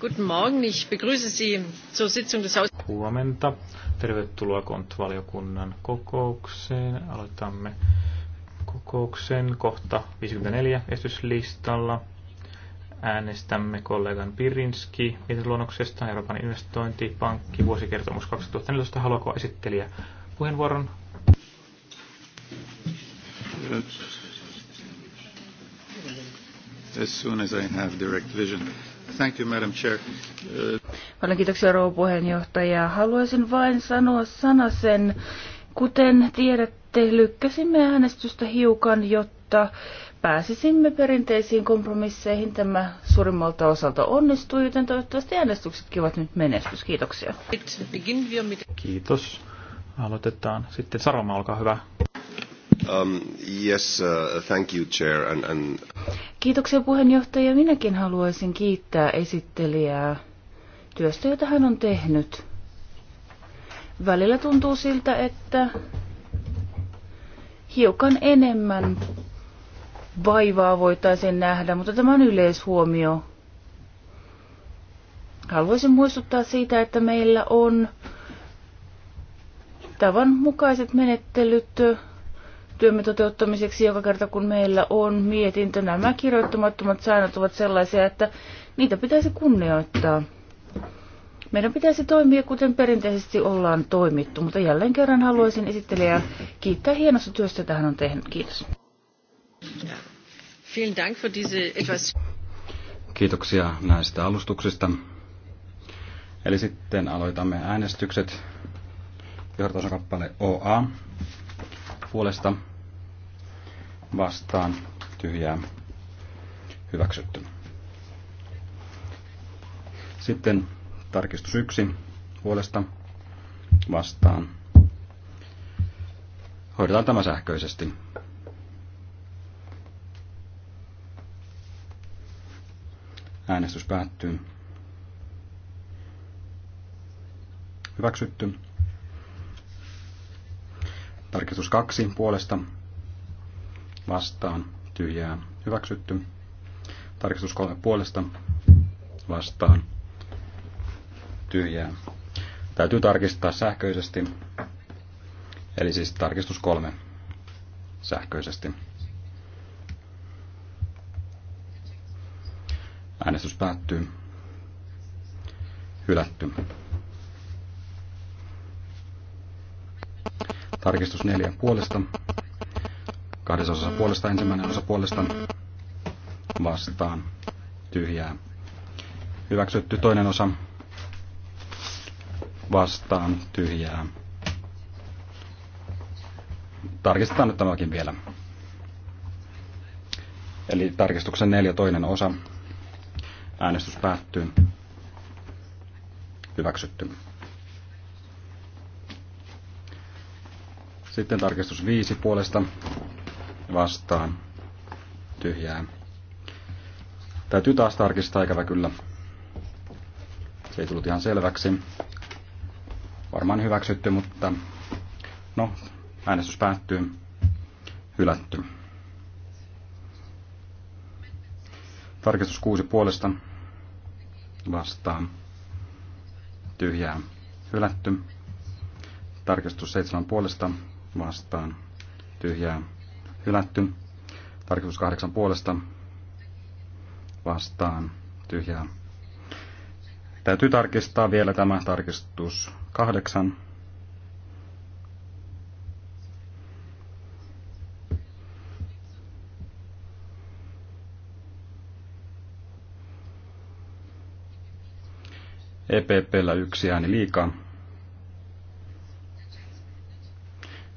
Guten Morgen, ich begrüße Sie zur Sitzung des Haus Huomenta. Tervetuloa Kont-valiokunnan kokoukseen. Aloitamme kokouksen kohta 54 esityslistalla. Äänestämme kollegan Pirinski mietintöluonnoksesta Euroopan investointipankki vuosikertomus 2014. Haluaako esittelijä puheenvuoron? As soon as I have direct vision. Thank you, Madam Chair. Paljon kiitoksia, rouva puheenjohtaja. Haluaisin vain sanoa sanasen. Kuten tiedätte, lykkäsimme äänestystä hiukan, jotta pääsisimme perinteisiin kompromisseihin. Tämä suurimmalta osalta onnistui, joten toivottavasti äänestyksetkin ovat nyt menestys. Kiitoksia. Kiitos. Aloitetaan. Sitten Saroma, olkaa hyvä. Um, yes, uh, thank you, chair, and, and... Kiitoksia puheenjohtaja. Minäkin haluaisin kiittää esittelijää työstä, jota hän on tehnyt. Välillä tuntuu siltä, että hiukan enemmän vaivaa voitaisiin nähdä, mutta tämä on yleishuomio. Haluaisin muistuttaa siitä, että meillä on tavan mukaiset menettelyt työmme toteuttamiseksi joka kerta, kun meillä on mietintö. Nämä kirjoittamattomat säännöt ovat sellaisia, että niitä pitäisi kunnioittaa. Meidän pitäisi toimia, kuten perinteisesti ollaan toimittu, mutta jälleen kerran haluaisin esittelijää kiittää hienosta työstä, jota hän on tehnyt. Kiitos. Kiitoksia näistä alustuksista. Eli sitten aloitamme äänestykset. Johdatusosakappale OA puolesta vastaan tyhjää hyväksytty. Sitten tarkistus 1 puolesta vastaan. Hoidetaan tämä sähköisesti. Äänestys päättyy. Hyväksytty. Tarkistus kaksi puolesta vastaan tyhjää hyväksytty. Tarkistus kolme puolesta vastaan tyhjää. Täytyy tarkistaa sähköisesti. Eli siis tarkistus kolme sähköisesti. Äänestys päättyy. Hylätty. Tarkistus neljän puolesta. Kahdessa osassa puolesta ensimmäinen osa puolesta vastaan tyhjää. Hyväksytty toinen osa vastaan tyhjää. Tarkistetaan nyt tämäkin vielä. Eli tarkistuksen neljä toinen osa. Äänestys päättyy. Hyväksytty. Sitten tarkistus 5 puolesta vastaan tyhjää. Täytyy taas tarkistaa ikävä kyllä. Se ei tullut ihan selväksi. Varmaan hyväksytty, mutta no, äänestys päättyy. Hylätty. Tarkistus 6 puolesta vastaan. Tyhjää. Hylätty. Tarkistus 7 puolesta vastaan tyhjää hylätty. Tarkoitus kahdeksan puolesta vastaan tyhjää. Täytyy tarkistaa vielä tämä tarkistus kahdeksan. EPP-llä yksi ääni liikaa.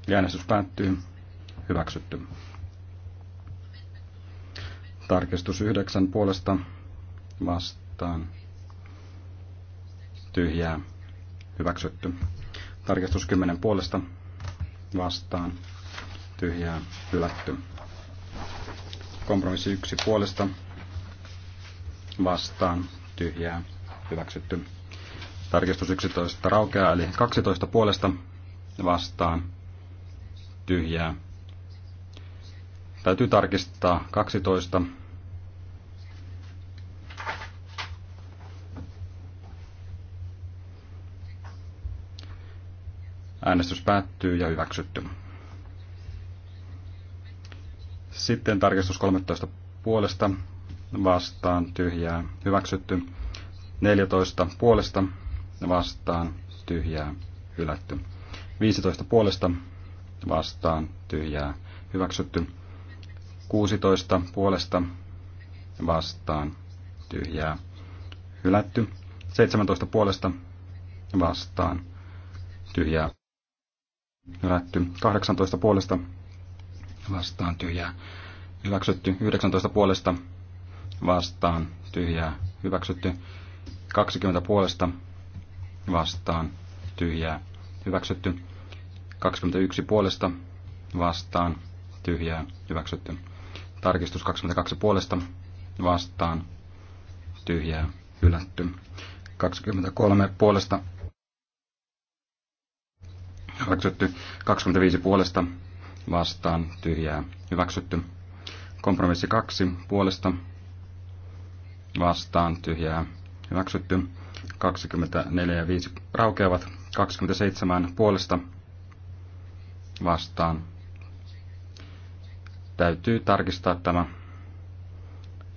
Ja äänestys päättyy. Hyväksytty. Tarkistus yhdeksän puolesta vastaan. Tyhjää. Hyväksytty. Tarkistus kymmenen puolesta vastaan. Tyhjää. Hylätty. Kompromissi yksi puolesta vastaan. Tyhjää. Hyväksytty. Tarkistus 11 raukeaa, eli 12 puolesta vastaan tyhjää. Täytyy tarkistaa 12. Äänestys päättyy ja hyväksytty. Sitten tarkistus 13 puolesta vastaan tyhjää hyväksytty. 14 puolesta vastaan tyhjää hylätty. 15 puolesta vastaan tyhjää hyväksytty. 16 puolesta vastaan tyhjää hylätty. 17 puolesta vastaan tyhjää hylätty. 18 puolesta vastaan tyhjää hyväksytty. 19 puolesta vastaan tyhjää hyväksytty. 20 puolesta vastaan tyhjää hyväksytty. 21 puolesta vastaan tyhjää hyväksytty. Tarkistus 22 puolesta vastaan tyhjää hylätty. 23 puolesta hyväksytty. 25 puolesta vastaan tyhjää hyväksytty. Kompromissi 2 puolesta vastaan tyhjää hyväksytty. 24 ja 5 raukeavat. 27 puolesta vastaan. Täytyy tarkistaa tämä,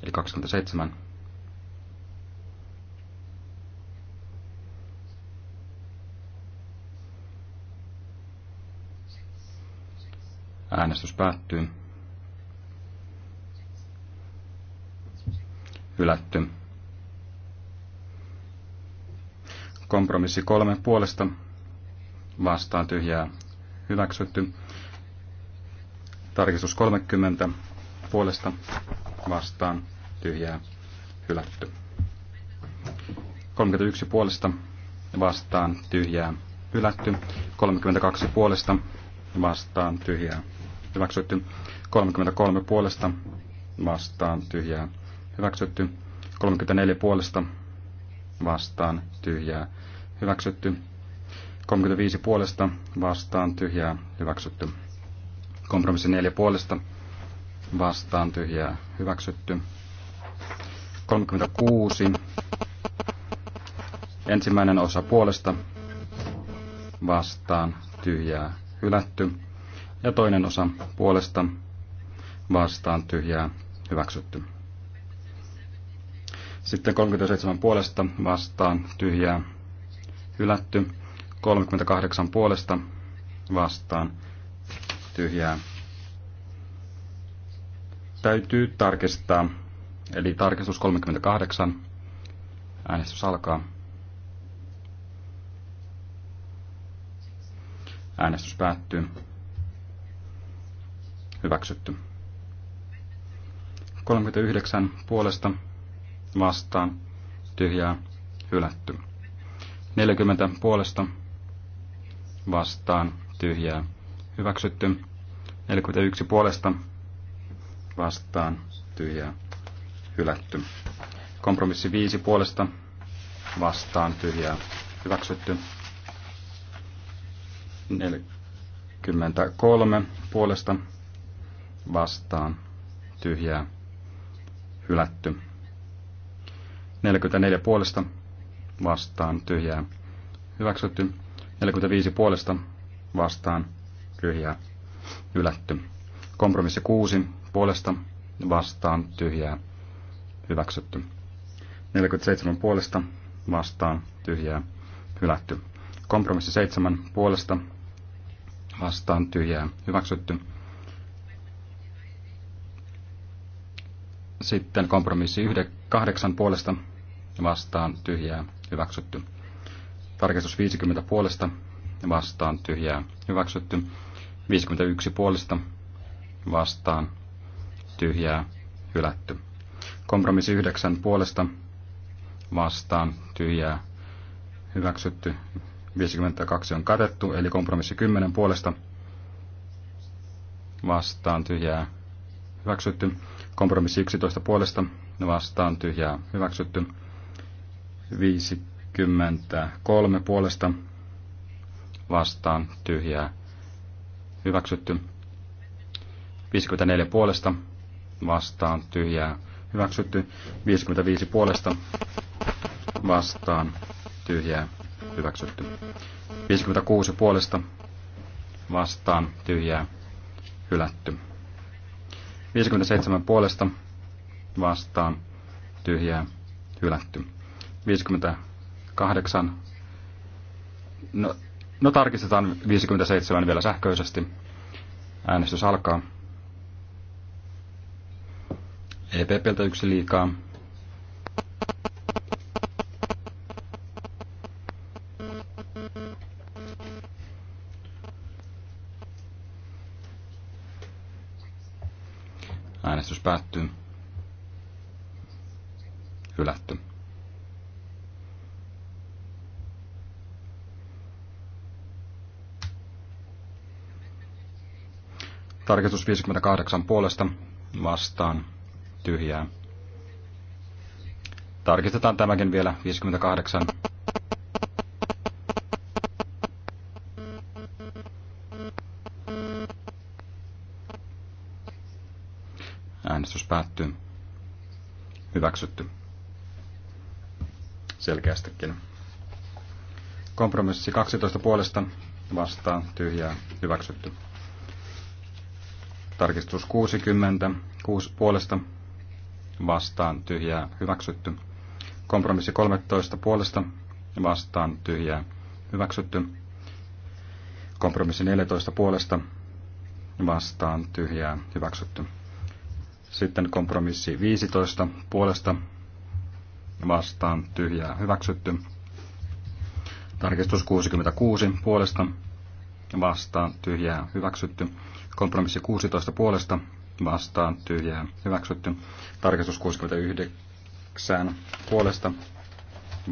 eli 27. Äänestys päättyy. Hylätty. Kompromissi kolme puolesta vastaan tyhjää hyväksytty. Tarkistus 30 puolesta vastaan tyhjää hylätty. 31 puolesta vastaan tyhjää hylätty. 32 puolesta vastaan tyhjää hyväksytty. 33 puolesta vastaan tyhjää hyväksytty. 34 puolesta vastaan tyhjää hyväksytty. 35 puolesta vastaan tyhjää hyväksytty. Kompromissi 4 puolesta vastaan tyhjää hyväksytty. 36 ensimmäinen osa puolesta vastaan tyhjää hylätty. Ja toinen osa puolesta vastaan tyhjää hyväksytty. Sitten 37 puolesta vastaan tyhjää hylätty. 38 puolesta vastaan tyhjää. Täytyy tarkistaa, eli tarkistus 38. Äänestys alkaa. Äänestys päättyy. Hyväksytty. 39 puolesta vastaan tyhjää hylätty. 40 puolesta vastaan tyhjää hyväksytty. 41 puolesta vastaan tyhjää hylätty. Kompromissi 5 puolesta vastaan tyhjää hyväksytty. 43 puolesta vastaan tyhjää hylätty. 44 puolesta vastaan tyhjää hyväksytty. 45 puolesta vastaan tyhjää hylätty. Kompromissi 6 puolesta vastaan tyhjää hyväksytty. 47 puolesta vastaan tyhjää hylätty. Kompromissi 7 puolesta vastaan tyhjää hyväksytty. Sitten kompromissi 8 puolesta vastaan tyhjää hyväksytty. Tarkistus 50 puolesta vastaan tyhjää hyväksytty. 51 puolesta vastaan tyhjää hylätty. Kompromissi 9 puolesta vastaan tyhjää hyväksytty. 52 on katettu, eli kompromissi 10 puolesta vastaan tyhjää hyväksytty. Kompromissi 11 puolesta vastaan tyhjää hyväksytty. 5 23 puolesta vastaan tyhjää hyväksytty. 54 puolesta vastaan tyhjää hyväksytty. 55 puolesta vastaan tyhjää hyväksytty. 56 puolesta vastaan tyhjää hylätty. 57 puolesta vastaan tyhjää hylätty. 50 58. No, no tarkistetaan 57 vielä sähköisesti. Äänestys alkaa. EPPltä yksi liikaa. Äänestys päättyy. Tarkistus 58 puolesta vastaan tyhjää. Tarkistetaan tämäkin vielä 58. Äänestys päättyy. Hyväksytty. Selkeästikin. Kompromissi 12 puolesta vastaan tyhjää hyväksytty. Tarkistus 60, 6 puolesta vastaan tyhjää hyväksytty. Kompromissi 13 puolesta vastaan tyhjää hyväksytty. Kompromissi 14 puolesta vastaan tyhjää hyväksytty. Sitten kompromissi 15 puolesta vastaan tyhjää hyväksytty. Tarkistus 66 puolesta vastaan tyhjää hyväksytty. Kompromissi 16 puolesta vastaan tyhjää hyväksytty. Tarkistus 69 puolesta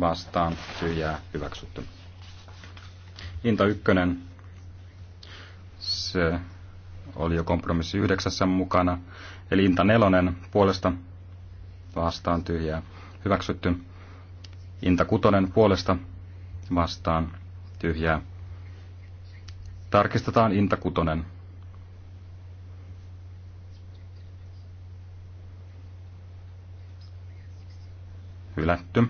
vastaan tyhjää hyväksytty. Inta 1. Se oli jo kompromissi yhdeksässä mukana. Eli Inta 4 puolesta vastaan tyhjää hyväksytty. Inta 6 puolesta vastaan tyhjää Tarkistetaan Inta kutonen. Hylätty.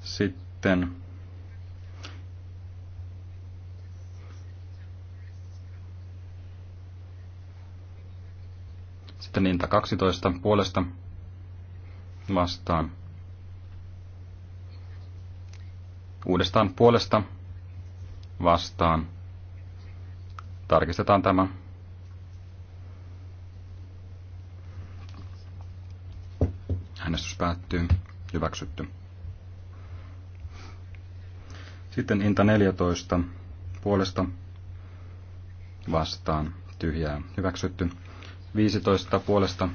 Sitten Sitten Inta 12 puolesta vastaan. Uudestaan puolesta vastaan. Tarkistetaan tämä. Äänestys päättyy. Hyväksytty. Sitten inta 14 puolesta vastaan tyhjää hyväksytty. 15 puolesta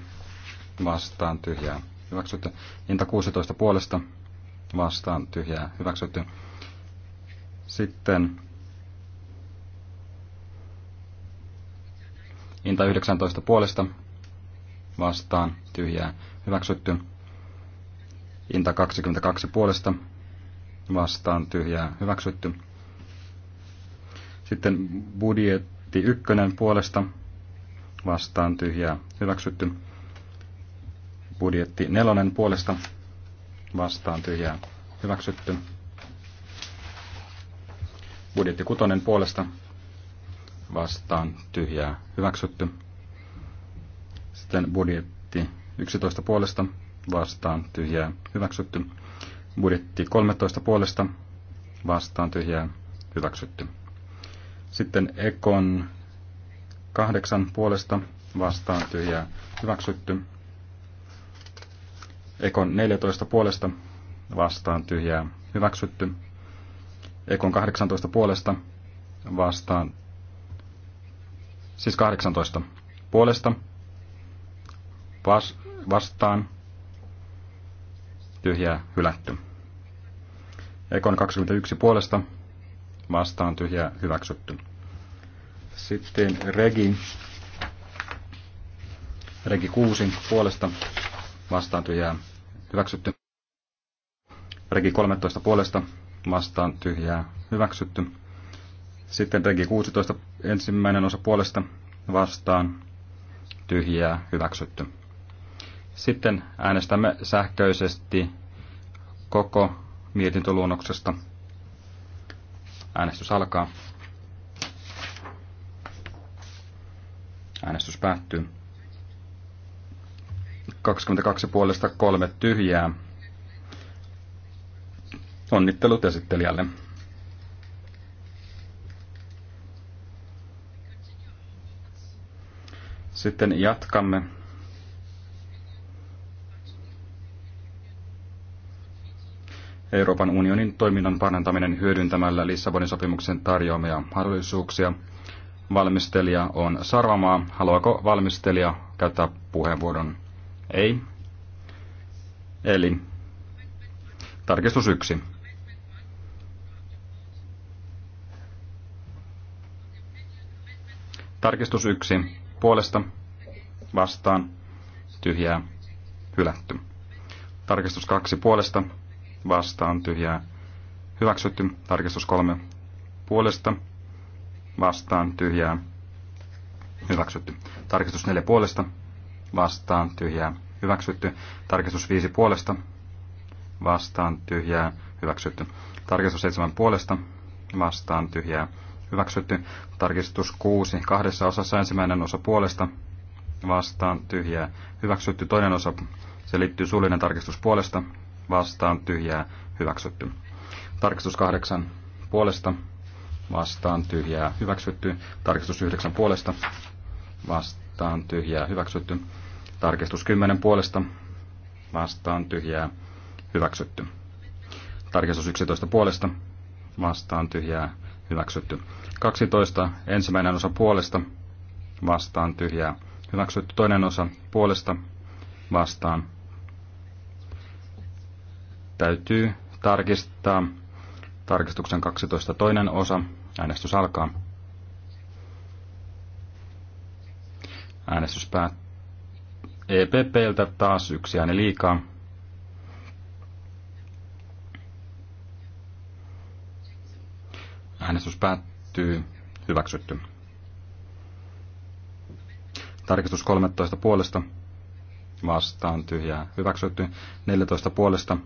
vastaan tyhjää hyväksytty. Inta 16 puolesta vastaan tyhjää hyväksytty. Sitten Inta 19 puolesta vastaan tyhjää hyväksytty. Inta 22 puolesta vastaan tyhjää hyväksytty. Sitten budjetti 1 puolesta vastaan tyhjää hyväksytty. Budjetti 4 puolesta vastaan tyhjää hyväksytty. Budjetti 6 puolesta vastaan tyhjää hyväksytty. Sitten budjetti 11 puolesta vastaan tyhjää hyväksytty. Budjetti 13 puolesta vastaan tyhjää hyväksytty. Sitten Ekon 8 puolesta vastaan tyhjää hyväksytty. Ekon 14 puolesta vastaan tyhjää hyväksytty. Ekon 18 puolesta vastaan Siis 18. Puolesta. Vas, vastaan. Tyhjää hylätty. Ekon 21 puolesta. Vastaan tyhjää hyväksytty. Sitten Regi. Regi 6 puolesta. Vastaan tyhjää hyväksytty. Regi 13 puolesta. Vastaan tyhjää hyväksytty. Sitten regi 16 ensimmäinen osa puolesta vastaan tyhjää hyväksytty. Sitten äänestämme sähköisesti koko mietintöluonnoksesta. Äänestys alkaa. Äänestys päättyy. 22 puolesta kolme tyhjää. Onnittelut esittelijälle. Sitten jatkamme. Euroopan unionin toiminnan parantaminen hyödyntämällä Lissabonin sopimuksen tarjoamia mahdollisuuksia. Valmistelija on Sarvamaa. Haluaako valmistelija käyttää puheenvuoron? Ei. Eli tarkistus yksi. Tarkistus yksi puolesta vastaan tyhjää hylätty. Tarkistus kaksi puolesta vastaan tyhjää hyväksytty. Tarkistus kolme puolesta vastaan tyhjää hyväksytty. Tarkistus neljä puolesta vastaan tyhjää hyväksytty. Tarkistus viisi puolesta vastaan tyhjää hyväksytty. Tarkistus seitsemän puolesta vastaan tyhjää hyväksytty. Tarkistus 6 kahdessa osassa ensimmäinen osa puolesta vastaan tyhjää hyväksytty. Toinen osa se liittyy suullinen tarkistus puolesta vastaan tyhjää hyväksytty. Tarkistus 8 puolesta vastaan tyhjää hyväksytty. Tarkistus 9 puolesta vastaan tyhjää hyväksytty. Tarkistus 10 puolesta vastaan tyhjää hyväksytty. Tarkistus 11 puolesta vastaan tyhjää hyväksytty. 12. Ensimmäinen osa puolesta vastaan tyhjää hyväksytty. Toinen osa puolesta vastaan täytyy tarkistaa. Tarkistuksen 12 toinen osa. Äänestys alkaa. Äänestys päättyy. EPPltä taas yksi ääni liikaa. Äänestys päättyy. Hyväksytty. Tarkistus 13 puolesta. Vastaan tyhjää. Hyväksytty. 14 puolesta.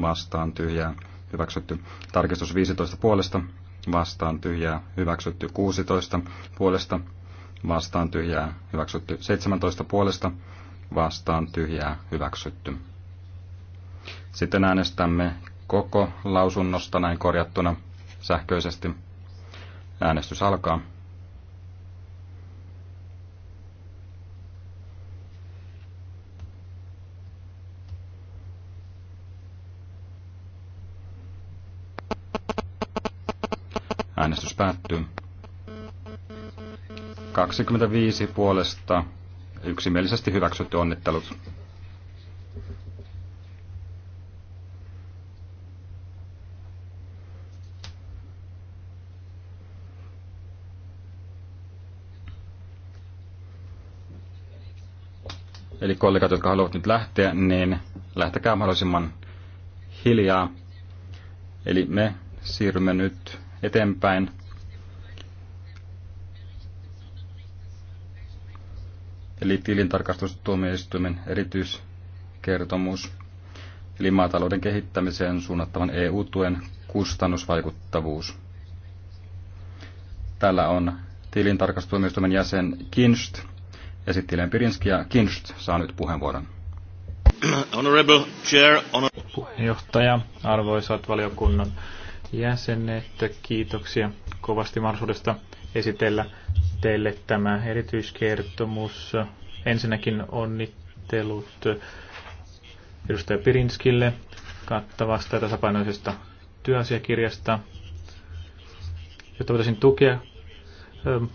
Vastaan tyhjää. Hyväksytty. Tarkistus 15 puolesta. Vastaan tyhjää. Hyväksytty. 16 puolesta. Vastaan tyhjää. Hyväksytty. 17 puolesta. Vastaan tyhjää. Hyväksytty. Sitten äänestämme koko lausunnosta näin korjattuna sähköisesti. Äänestys alkaa. Äänestys päättyy. 25 puolesta yksimielisesti hyväksytty onnittelut Eli kollegat, jotka haluavat nyt lähteä, niin lähtekää mahdollisimman hiljaa. Eli me siirrymme nyt eteenpäin. Eli tilintarkastustuomioistuimen erityiskertomus. Eli maatalouden kehittämiseen suunnattavan EU-tuen kustannusvaikuttavuus. Täällä on tilintarkastustuomioistuimen jäsen Kinst. Esittelijän Pirinski ja Kinst saa nyt puheenvuoron. Honorable Chair, honor... Puheenjohtaja, arvoisat valiokunnan jäsenet, kiitoksia kovasti mahdollisuudesta esitellä teille tämä erityiskertomus. Ensinnäkin onnittelut edustaja Pirinskille kattavasta ja tasapainoisesta työasiakirjasta, jotta voitaisiin tukea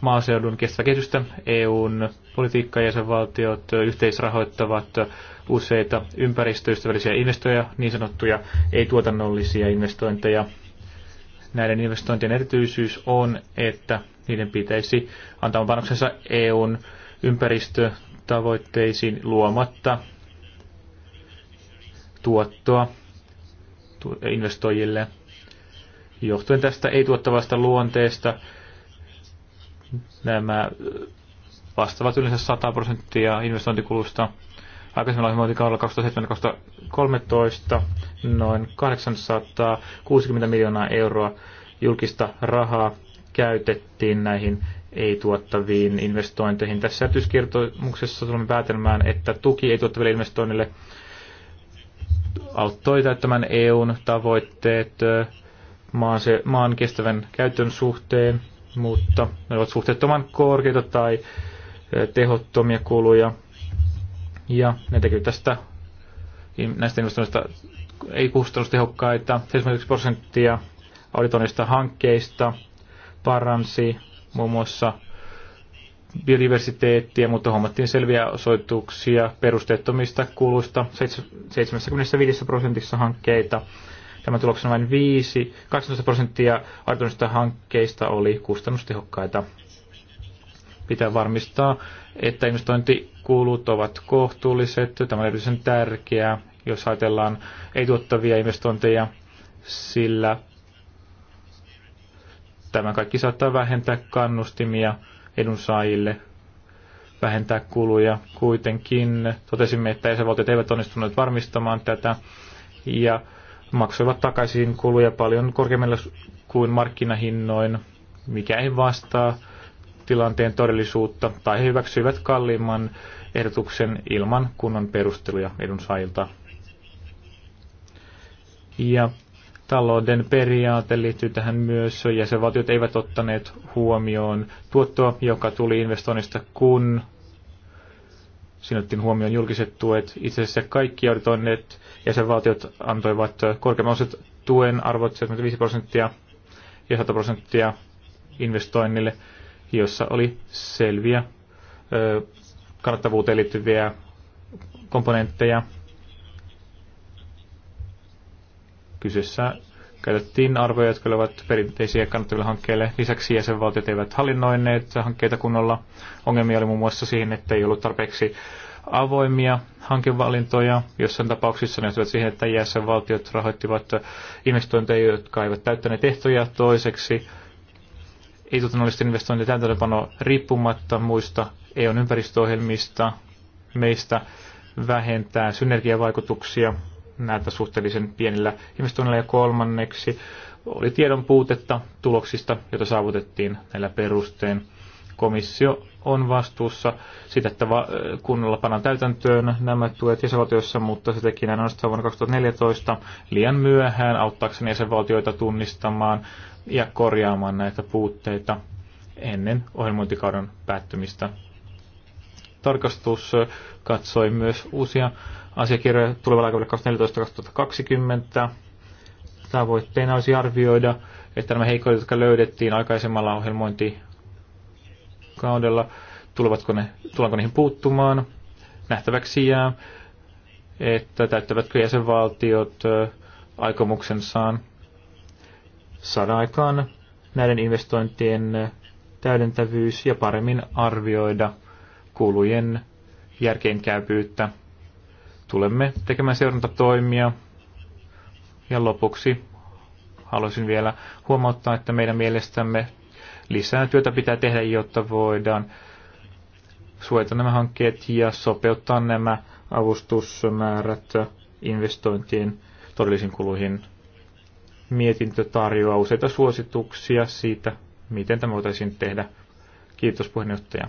maaseudun kestävä kehitystä EUn politiikka- ja jäsenvaltiot yhteisrahoittavat useita ympäristöystävällisiä investoja, niin sanottuja ei-tuotannollisia investointeja. Näiden investointien erityisyys on, että niiden pitäisi antaa panoksensa EUn ympäristötavoitteisiin luomatta tuottoa investoijille. Johtuen tästä ei-tuottavasta luonteesta nämä vastaavat yleensä 100 prosenttia investointikulusta. Aikaisemmalla hyvinvointikaudella 2007-2013 noin 860 miljoonaa euroa julkista rahaa käytettiin näihin ei-tuottaviin investointeihin. Tässä erityiskertomuksessa tulemme päätelmään, että tuki ei-tuottaville investoinnille auttoi täyttämään EUn tavoitteet maan, se, maan kestävän käytön suhteen, mutta ne ovat suhteettoman korkeita tai tehottomia kuluja. Ja ne tekevät tästä näistä investoinnista ei kustannustehokkaita. 71 prosenttia auditoinnista hankkeista paransi muun muassa biodiversiteettiä, mutta huomattiin selviä osoituksia perusteettomista kuluista 75 prosentissa hankkeita. Tämän tuloksena vain 5, 18 prosenttia auditoinnista hankkeista oli kustannustehokkaita. Pitää varmistaa, että investointikulut ovat kohtuulliset. Tämä on erityisen tärkeää, jos ajatellaan ei-tuottavia investointeja, sillä tämä kaikki saattaa vähentää kannustimia edunsaajille vähentää kuluja. Kuitenkin totesimme, että jäsenvaltiot eivät onnistuneet varmistamaan tätä ja maksoivat takaisin kuluja paljon korkeammilla kuin markkinahinnoin, mikä ei vastaa tilanteen todellisuutta tai he hyväksyivät kalliimman ehdotuksen ilman kunnon perusteluja edunsaajilta. Ja talouden periaate liittyy tähän myös. Jäsenvaltiot eivät ottaneet huomioon tuottoa, joka tuli investoinnista, kun siinä huomioon julkiset tuet. Itse asiassa kaikki auditoineet jäsenvaltiot antoivat korkeamman tuen arvot 75 prosenttia ja 100 prosenttia investoinnille jossa oli selviä kannattavuuteen liittyviä komponentteja. Kyseessä käytettiin arvoja, jotka olivat perinteisiä kannattaville hankkeille. Lisäksi jäsenvaltiot eivät hallinnoineet hankkeita kunnolla. Ongelmia oli muun muassa siihen, että ei ollut tarpeeksi avoimia hankevalintoja. Jossain tapauksissa ne johtivat siihen, että jäsenvaltiot rahoittivat investointeja, jotka eivät täyttäneet ehtoja toiseksi ei-tuotannollisten investointien täytäntöönpano riippumatta muista EUn ympäristöohjelmista meistä vähentää synergiavaikutuksia näitä suhteellisen pienillä investoinneilla ja kolmanneksi oli tiedon puutetta tuloksista, joita saavutettiin näillä perustein komissio on vastuussa siitä, että va- kunnolla pannaan täytäntöön nämä tuet jäsenvaltioissa, mutta se teki näin ainoastaan vuonna 2014 liian myöhään auttaakseni jäsenvaltioita tunnistamaan ja korjaamaan näitä puutteita ennen ohjelmointikauden päättymistä. Tarkastus katsoi myös uusia asiakirjoja tulevalla aikavälillä 2014-2020. Tavoitteena olisi arvioida, että nämä heikot, jotka löydettiin aikaisemmalla ohjelmointi kaudella. Tulevatko ne, tullaanko niihin puuttumaan? Nähtäväksi jää, että täyttävätkö jäsenvaltiot aikomuksensaan saada aikaan näiden investointien täydentävyys ja paremmin arvioida kulujen järkeenkäypyyttä. Tulemme tekemään seurantatoimia ja lopuksi haluaisin vielä huomauttaa, että meidän mielestämme lisää työtä pitää tehdä, jotta voidaan suojata nämä hankkeet ja sopeuttaa nämä avustusmäärät investointien todellisiin kuluihin. Mietintö tarjoaa useita suosituksia siitä, miten tämä voitaisiin tehdä. Kiitos puheenjohtaja.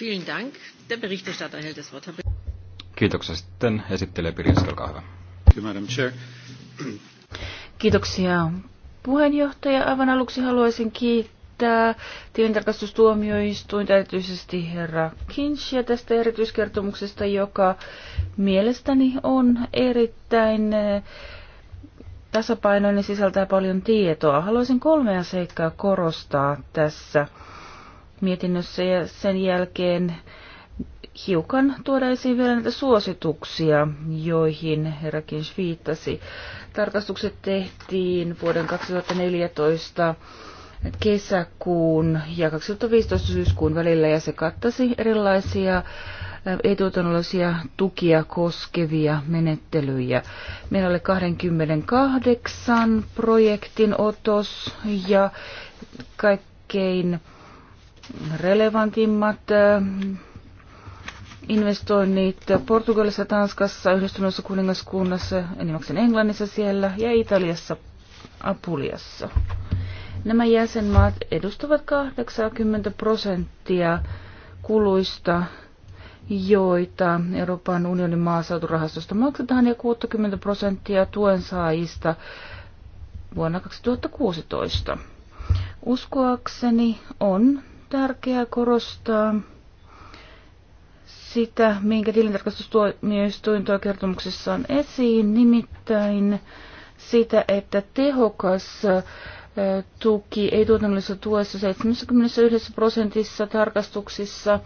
Vielen Dank. Der Berichterstatter hält das Wort. Kiitoksia sitten esittelee Pirinski, olkaa hyvä. Kiitoksia puheenjohtaja. Aivan aluksi haluaisin kiittää tilintarkastustuomioistuinta erityisesti herra Kinchia tästä erityiskertomuksesta, joka mielestäni on erittäin eh, tasapainoinen sisältää paljon tietoa. Haluaisin kolmea seikkaa korostaa tässä mietinnössä ja sen jälkeen hiukan tuoda esiin vielä näitä suosituksia, joihin herra Kins viittasi. Tarkastukset tehtiin vuoden 2014 kesäkuun ja 2015 syyskuun välillä ja se kattasi erilaisia äh, etuotannollisia tukia koskevia menettelyjä. Meillä oli 28 projektin otos ja kaikkein relevantimmat äh, investoinnit Portugalissa, Tanskassa, Yhdistyneessä kuningaskunnassa, enimmäkseen Englannissa siellä ja Italiassa, Apuliassa. Nämä jäsenmaat edustavat 80 prosenttia kuluista, joita Euroopan unionin maaseuturahastosta maksetaan ja 60 prosenttia tuen saajista vuonna 2016. Uskoakseni on tärkeää korostaa, sitä, minkä tilintarkastustuomioistuin tuo kertomuksessaan esiin, nimittäin sitä, että tehokas tuki ei tuotannollisessa tuessa 71 prosentissa tarkastuksissa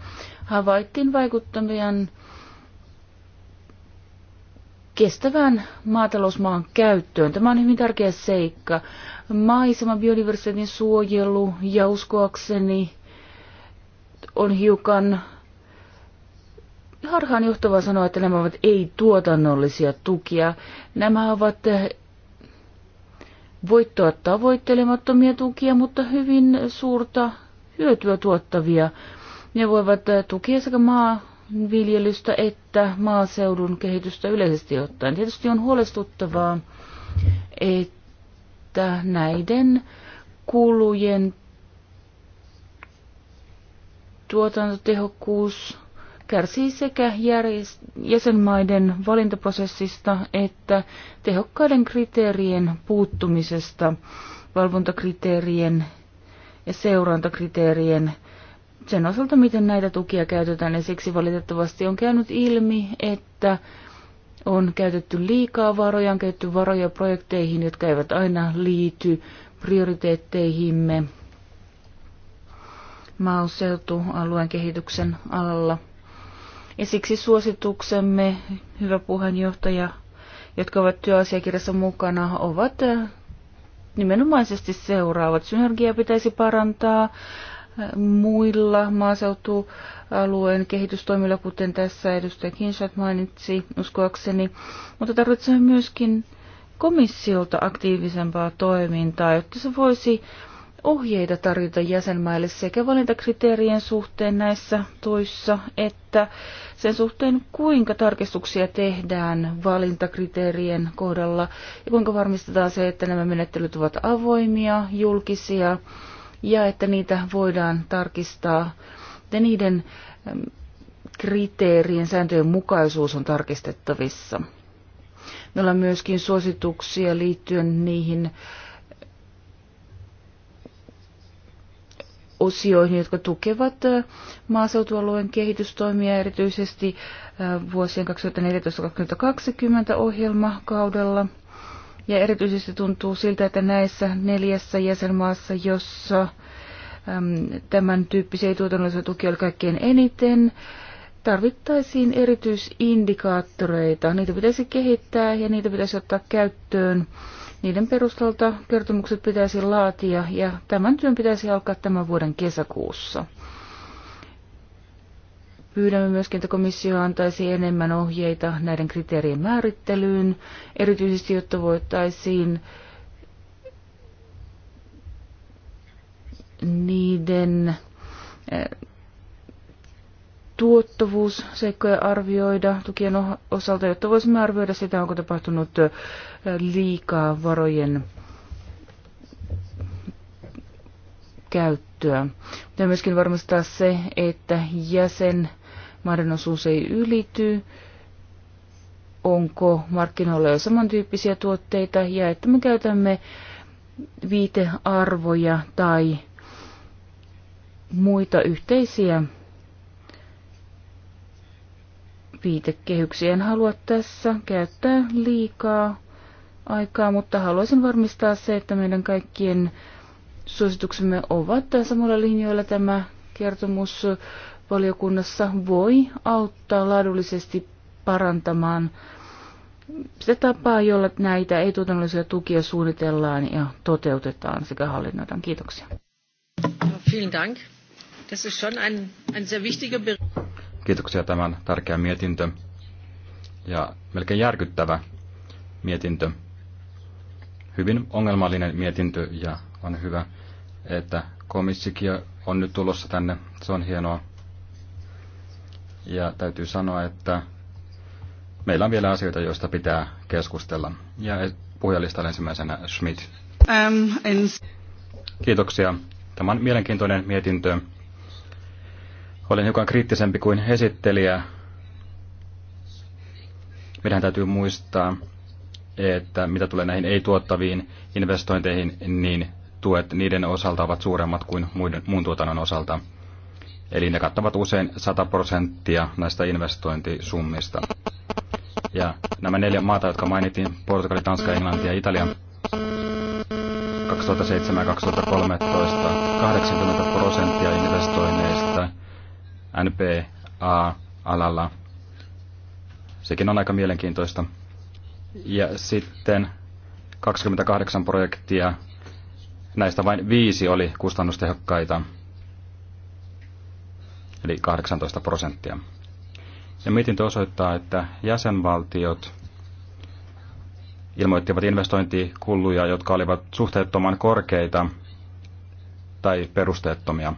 havaittiin vaikuttavien kestävään maatalousmaan käyttöön. Tämä on hyvin tärkeä seikka. Maisema, biodiversiteetin suojelu ja uskoakseni on hiukan johtava sanoa, että nämä ovat ei-tuotannollisia tukia. Nämä ovat eh, voittoa tavoittelemattomia tukia, mutta hyvin suurta hyötyä tuottavia. Ne voivat eh, tukea sekä maanviljelystä että maaseudun kehitystä yleisesti ottaen. Tietysti on huolestuttavaa, että näiden kulujen tuotantotehokkuus kärsii sekä jäsenmaiden valintaprosessista että tehokkaiden kriteerien puuttumisesta, valvontakriteerien ja seurantakriteerien sen osalta, miten näitä tukia käytetään, ja siksi valitettavasti on käynyt ilmi, että on käytetty liikaa varoja, on käytetty varoja projekteihin, jotka eivät aina liity prioriteetteihimme maaseutualueen kehityksen alalla – ja siksi suosituksemme, hyvä puheenjohtaja, jotka ovat työasiakirjassa mukana, ovat äh, nimenomaisesti seuraavat. Synergiaa pitäisi parantaa äh, muilla maaseutualueen kehitystoimilla, kuten tässä edustaja Kinshat mainitsi uskoakseni, mutta tarvitsemme myöskin komissiolta aktiivisempaa toimintaa, jotta se voisi ohjeita tarjota jäsenmaille sekä valintakriteerien suhteen näissä toissa, että sen suhteen, kuinka tarkistuksia tehdään valintakriteerien kohdalla ja kuinka varmistetaan se, että nämä menettelyt ovat avoimia, julkisia ja että niitä voidaan tarkistaa ja niiden kriteerien sääntöjen mukaisuus on tarkistettavissa. Meillä on myöskin suosituksia liittyen niihin osioihin, jotka tukevat maaseutualueen kehitystoimia erityisesti vuosien 2014-2020 ohjelmakaudella. Ja erityisesti tuntuu siltä, että näissä neljässä jäsenmaassa, jossa tämän tyyppisiä tuotannollisia tukia oli kaikkein eniten, tarvittaisiin erityisindikaattoreita. Niitä pitäisi kehittää ja niitä pitäisi ottaa käyttöön. Niiden perustalta kertomukset pitäisi laatia ja tämän työn pitäisi alkaa tämän vuoden kesäkuussa. Pyydämme myöskin, että komissio antaisi enemmän ohjeita näiden kriteerien määrittelyyn, erityisesti jotta voitaisiin niiden eh, tuottavuusseikkoja arvioida tukien osalta, jotta voisimme arvioida sitä, onko tapahtunut liikaa varojen käyttöä. Ja myöskin varmistaa se, että jäsenmaiden osuus ei ylity, onko markkinoilla jo samantyyppisiä tuotteita ja että me käytämme viitearvoja tai muita yhteisiä viitekehyksiä. En halua tässä käyttää liikaa aikaa, mutta haluaisin varmistaa se, että meidän kaikkien suosituksemme ovat tässä samalla linjoilla tämä kertomus valiokunnassa voi auttaa laadullisesti parantamaan sitä tapaa, jolla näitä ei-tuotannollisia tukia suunnitellaan ja toteutetaan sekä hallinnoidaan. Kiitoksia. Vielen Dank. Das ist schon ein, ein sehr wichtiger Kiitoksia tämän tärkeä mietintö ja melkein järkyttävä mietintö. Hyvin ongelmallinen mietintö ja on hyvä, että komissikin on nyt tulossa tänne. Se on hienoa. Ja täytyy sanoa, että meillä on vielä asioita, joista pitää keskustella. Ja e- puhujalistalle ensimmäisenä Schmidt. Um, ähm, en... Kiitoksia. Tämä on mielenkiintoinen mietintö olen hiukan kriittisempi kuin esittelijä. Meidän täytyy muistaa, että mitä tulee näihin ei-tuottaviin investointeihin, niin tuet niiden osalta ovat suuremmat kuin muiden, muun tuotannon osalta. Eli ne kattavat usein 100 prosenttia näistä investointisummista. Ja nämä neljä maata, jotka mainittiin, Portugali, Tanska, Englanti ja Italia, 2007 ja 2013 80 prosenttia investoinneista NPA-alalla. Sekin on aika mielenkiintoista. Ja sitten 28 projektia, näistä vain viisi oli kustannustehokkaita, eli 18 prosenttia. Ja mietintö osoittaa, että jäsenvaltiot ilmoittivat investointikulluja, jotka olivat suhteettoman korkeita tai perusteettomia.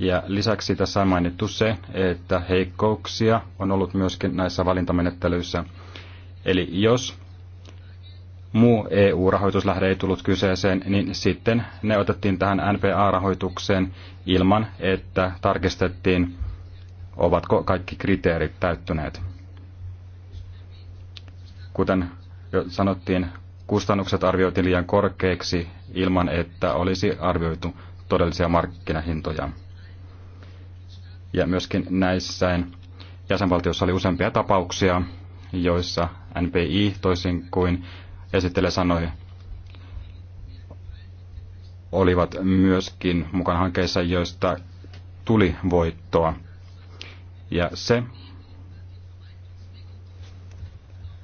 Ja lisäksi tässä on mainittu se, että heikkouksia on ollut myöskin näissä valintamenettelyissä. Eli jos muu EU-rahoituslähde ei tullut kyseeseen, niin sitten ne otettiin tähän NPA-rahoitukseen ilman, että tarkistettiin, ovatko kaikki kriteerit täyttyneet. Kuten jo sanottiin, kustannukset arvioitiin liian korkeiksi ilman, että olisi arvioitu todellisia markkinahintoja. Ja myöskin näissä jäsenvaltioissa oli useampia tapauksia, joissa NPI, toisin kuin esittelijä sanoi, olivat myöskin mukana hankkeissa, joista tuli voittoa. Ja se,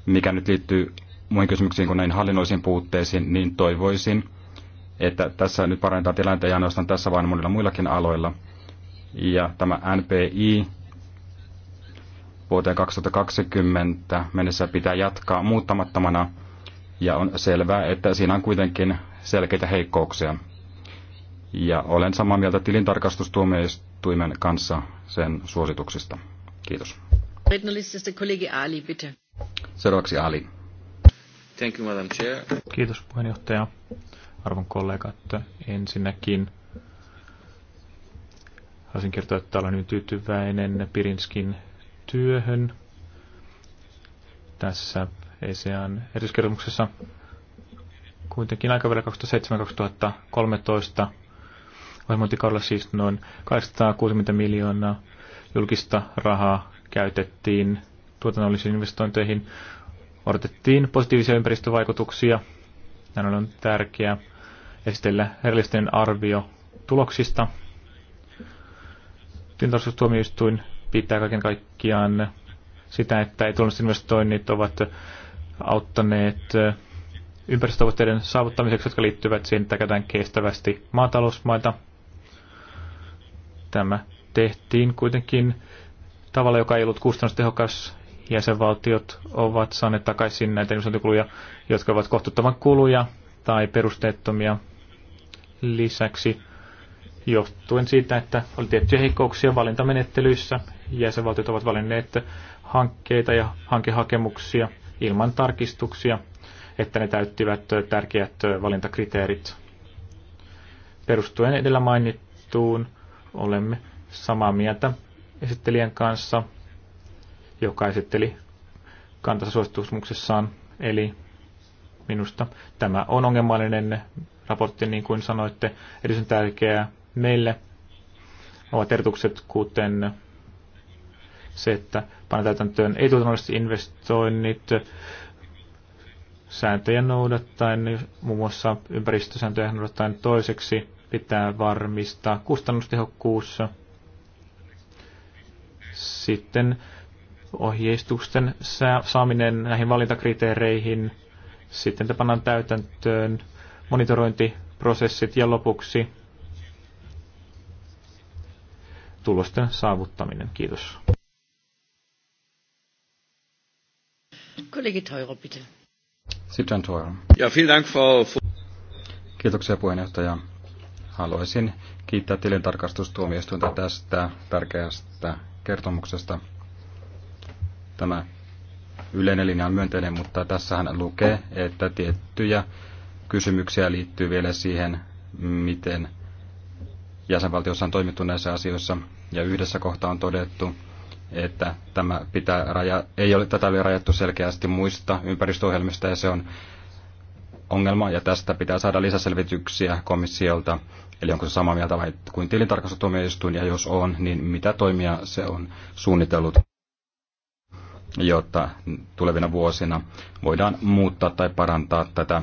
mikä nyt liittyy muihin kysymyksiin kuin näihin hallinnollisiin puutteisiin, niin toivoisin, että tässä nyt parantaa tilanteen ja ainoastaan tässä, vaan monilla muillakin aloilla – ja tämä NPI vuoteen 2020 mennessä pitää jatkaa muuttamattomana ja on selvää, että siinä on kuitenkin selkeitä heikkouksia. Ja olen samaa mieltä tilintarkastustuomioistuimen kanssa sen suosituksista. Kiitos. Ali, bitte. Seuraavaksi Ali. Thank you, Madam Chair. Kiitos puheenjohtaja. Arvon kollegat, ensinnäkin Haluaisin kertoa, että olen hyvin tyytyväinen Pirinskin työhön tässä ECAn erityiskertomuksessa. Kuitenkin aikavälillä 2007-2013 ohjelmointikaudella siis noin 860 miljoonaa julkista rahaa käytettiin tuotannollisiin investointeihin. Odotettiin positiivisia ympäristövaikutuksia. Näin on tärkeää esitellä erillisten arvio tuloksista tilintarkastustuomioistuin pitää kaiken kaikkiaan sitä, että etuolliset investoinnit ovat auttaneet ympäristötavoitteiden saavuttamiseksi, jotka liittyvät siihen, että käytetään kestävästi maatalousmaita. Tämä tehtiin kuitenkin tavalla, joka ei ollut kustannustehokas. Jäsenvaltiot ovat saaneet takaisin näitä investointikuluja, jotka ovat kohtuuttoman kuluja tai perusteettomia. Lisäksi johtuen siitä, että oli tiettyjä heikkouksia valintamenettelyissä. Jäsenvaltiot ovat valinneet hankkeita ja hankehakemuksia ilman tarkistuksia, että ne täyttivät tärkeät valintakriteerit. Perustuen edellä mainittuun olemme samaa mieltä esittelijän kanssa, joka esitteli kantansa suostumuksessaan. Eli minusta tämä on ongelmallinen raportti, niin kuin sanoitte, erityisen tärkeää meille ovat erotukset kuten se, että panatäytäntöön ei tuotannolliset investoinnit, sääntöjä noudattaen, niin muun muassa ympäristösääntöjä noudattaen toiseksi pitää varmistaa kustannustehokkuus, sitten ohjeistusten saaminen näihin valintakriteereihin, sitten te pannaan täytäntöön monitorointiprosessit ja lopuksi tulosten saavuttaminen. Kiitos. Kollegi bitte. Sitten Ja, vielen Dank, Frau... Kiitoksia puheenjohtaja. Haluaisin kiittää tilintarkastustuomioistuinta tästä tärkeästä kertomuksesta. Tämä yleinen linja on myönteinen, mutta tässähän lukee, että tiettyjä kysymyksiä liittyy vielä siihen, miten jäsenvaltiossa on toimittu näissä asioissa. Ja yhdessä kohtaa on todettu, että tämä pitää raja, ei ole, tätä oli rajattu selkeästi muista ympäristöohjelmista ja se on ongelma ja tästä pitää saada lisäselvityksiä komissiolta. Eli onko se samaa mieltä vai kuin tilintarkastustuomioistuin ja jos on, niin mitä toimia se on suunnitellut, jotta tulevina vuosina voidaan muuttaa tai parantaa tätä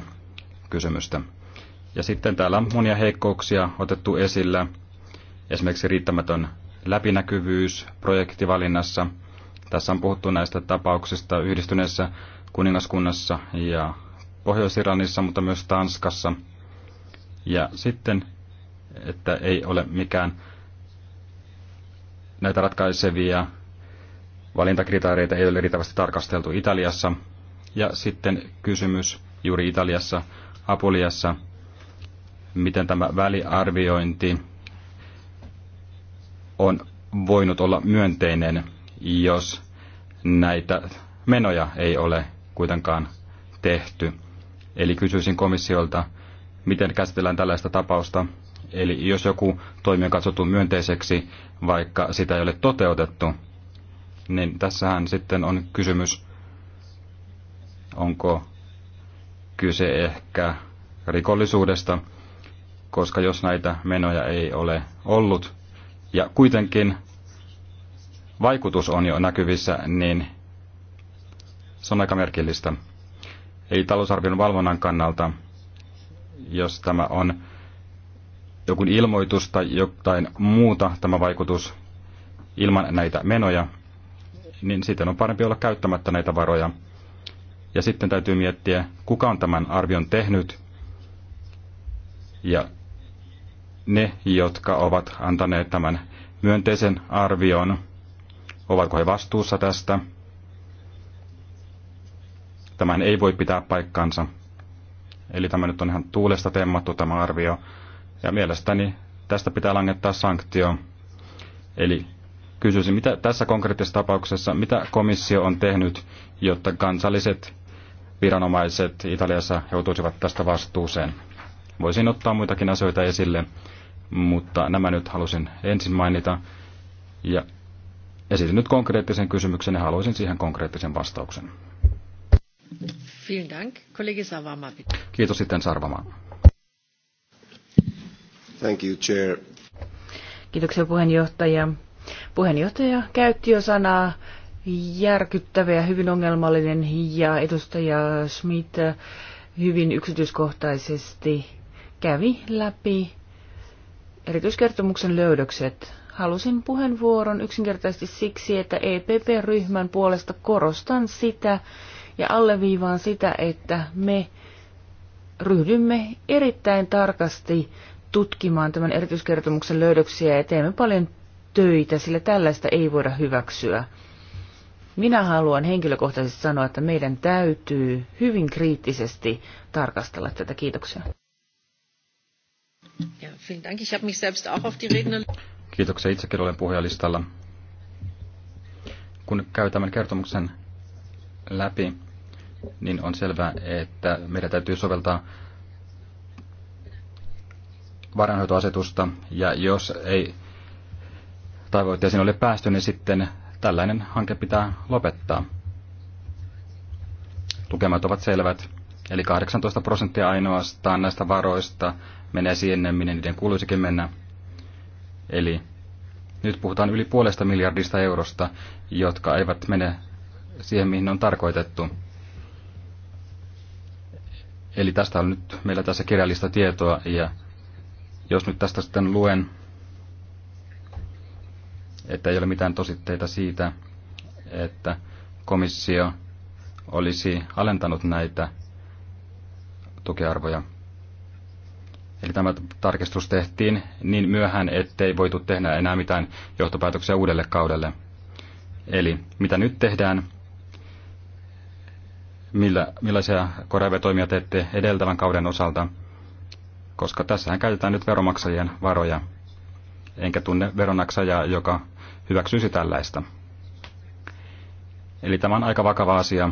kysymystä. Ja sitten täällä on monia heikkouksia otettu esillä, esimerkiksi riittämätön läpinäkyvyys projektivalinnassa. Tässä on puhuttu näistä tapauksista yhdistyneessä kuningaskunnassa ja Pohjois-Iranissa, mutta myös Tanskassa. Ja sitten, että ei ole mikään näitä ratkaisevia valintakriteereitä ei ole riittävästi tarkasteltu Italiassa. Ja sitten kysymys juuri Italiassa, Apuliassa, miten tämä väliarviointi on voinut olla myönteinen, jos näitä menoja ei ole kuitenkaan tehty. Eli kysyisin komissiolta, miten käsitellään tällaista tapausta. Eli jos joku toimi on katsottu myönteiseksi, vaikka sitä ei ole toteutettu, niin tässähän sitten on kysymys, onko kyse ehkä rikollisuudesta, koska jos näitä menoja ei ole ollut, ja kuitenkin vaikutus on jo näkyvissä, niin se on aika merkillistä. Ei talousarvion valvonnan kannalta, jos tämä on joku ilmoitus tai jotain muuta tämä vaikutus ilman näitä menoja, niin sitten on parempi olla käyttämättä näitä varoja. Ja sitten täytyy miettiä, kuka on tämän arvion tehnyt ja ne, jotka ovat antaneet tämän myönteisen arvion, ovatko he vastuussa tästä. Tämän ei voi pitää paikkaansa. Eli tämä nyt on ihan tuulesta temmattu tämä arvio. Ja mielestäni tästä pitää langettaa sanktio. Eli kysyisin, mitä tässä konkreettisessa tapauksessa, mitä komissio on tehnyt, jotta kansalliset viranomaiset Italiassa joutuisivat tästä vastuuseen? Voisin ottaa muitakin asioita esille, mutta nämä nyt halusin ensin mainita. Ja esitin nyt konkreettisen kysymyksen ja haluaisin siihen konkreettisen vastauksen. Dank. Kiitos sitten Sarvama. Thank you, Chair. Kiitoksia puheenjohtaja. Puheenjohtaja käytti jo sanaa järkyttävä ja hyvin ongelmallinen ja edustaja Schmidt hyvin yksityiskohtaisesti kävi läpi erityiskertomuksen löydökset. Halusin puheenvuoron yksinkertaisesti siksi, että EPP-ryhmän puolesta korostan sitä ja alleviivaan sitä, että me ryhdymme erittäin tarkasti tutkimaan tämän erityiskertomuksen löydöksiä ja teemme paljon töitä, sillä tällaista ei voida hyväksyä. Minä haluan henkilökohtaisesti sanoa, että meidän täytyy hyvin kriittisesti tarkastella tätä. Kiitoksia. Kiitoksia. Itsekin olen puhujalistalla. Kun käy tämän kertomuksen läpi, niin on selvää, että meidän täytyy soveltaa varainhoitoasetusta, ja jos ei tavoitteisiin ole päästy, niin sitten tällainen hanke pitää lopettaa. Lukemat ovat selvät. Eli 18 prosenttia ainoastaan näistä varoista menee sinne, minne niiden kuuluisikin mennä. Eli nyt puhutaan yli puolesta miljardista eurosta, jotka eivät mene siihen, mihin ne on tarkoitettu. Eli tästä on nyt meillä tässä kirjallista tietoa, ja jos nyt tästä sitten luen, että ei ole mitään tositteita siitä, että komissio olisi alentanut näitä tukiarvoja. Eli tämä tarkistus tehtiin niin myöhään, ettei voitu tehdä enää mitään johtopäätöksiä uudelle kaudelle. Eli mitä nyt tehdään, millä, millaisia toimia teette edeltävän kauden osalta, koska tässähän käytetään nyt veromaksajien varoja, enkä tunne veronmaksajaa, joka hyväksyisi tällaista. Eli tämä on aika vakava asia,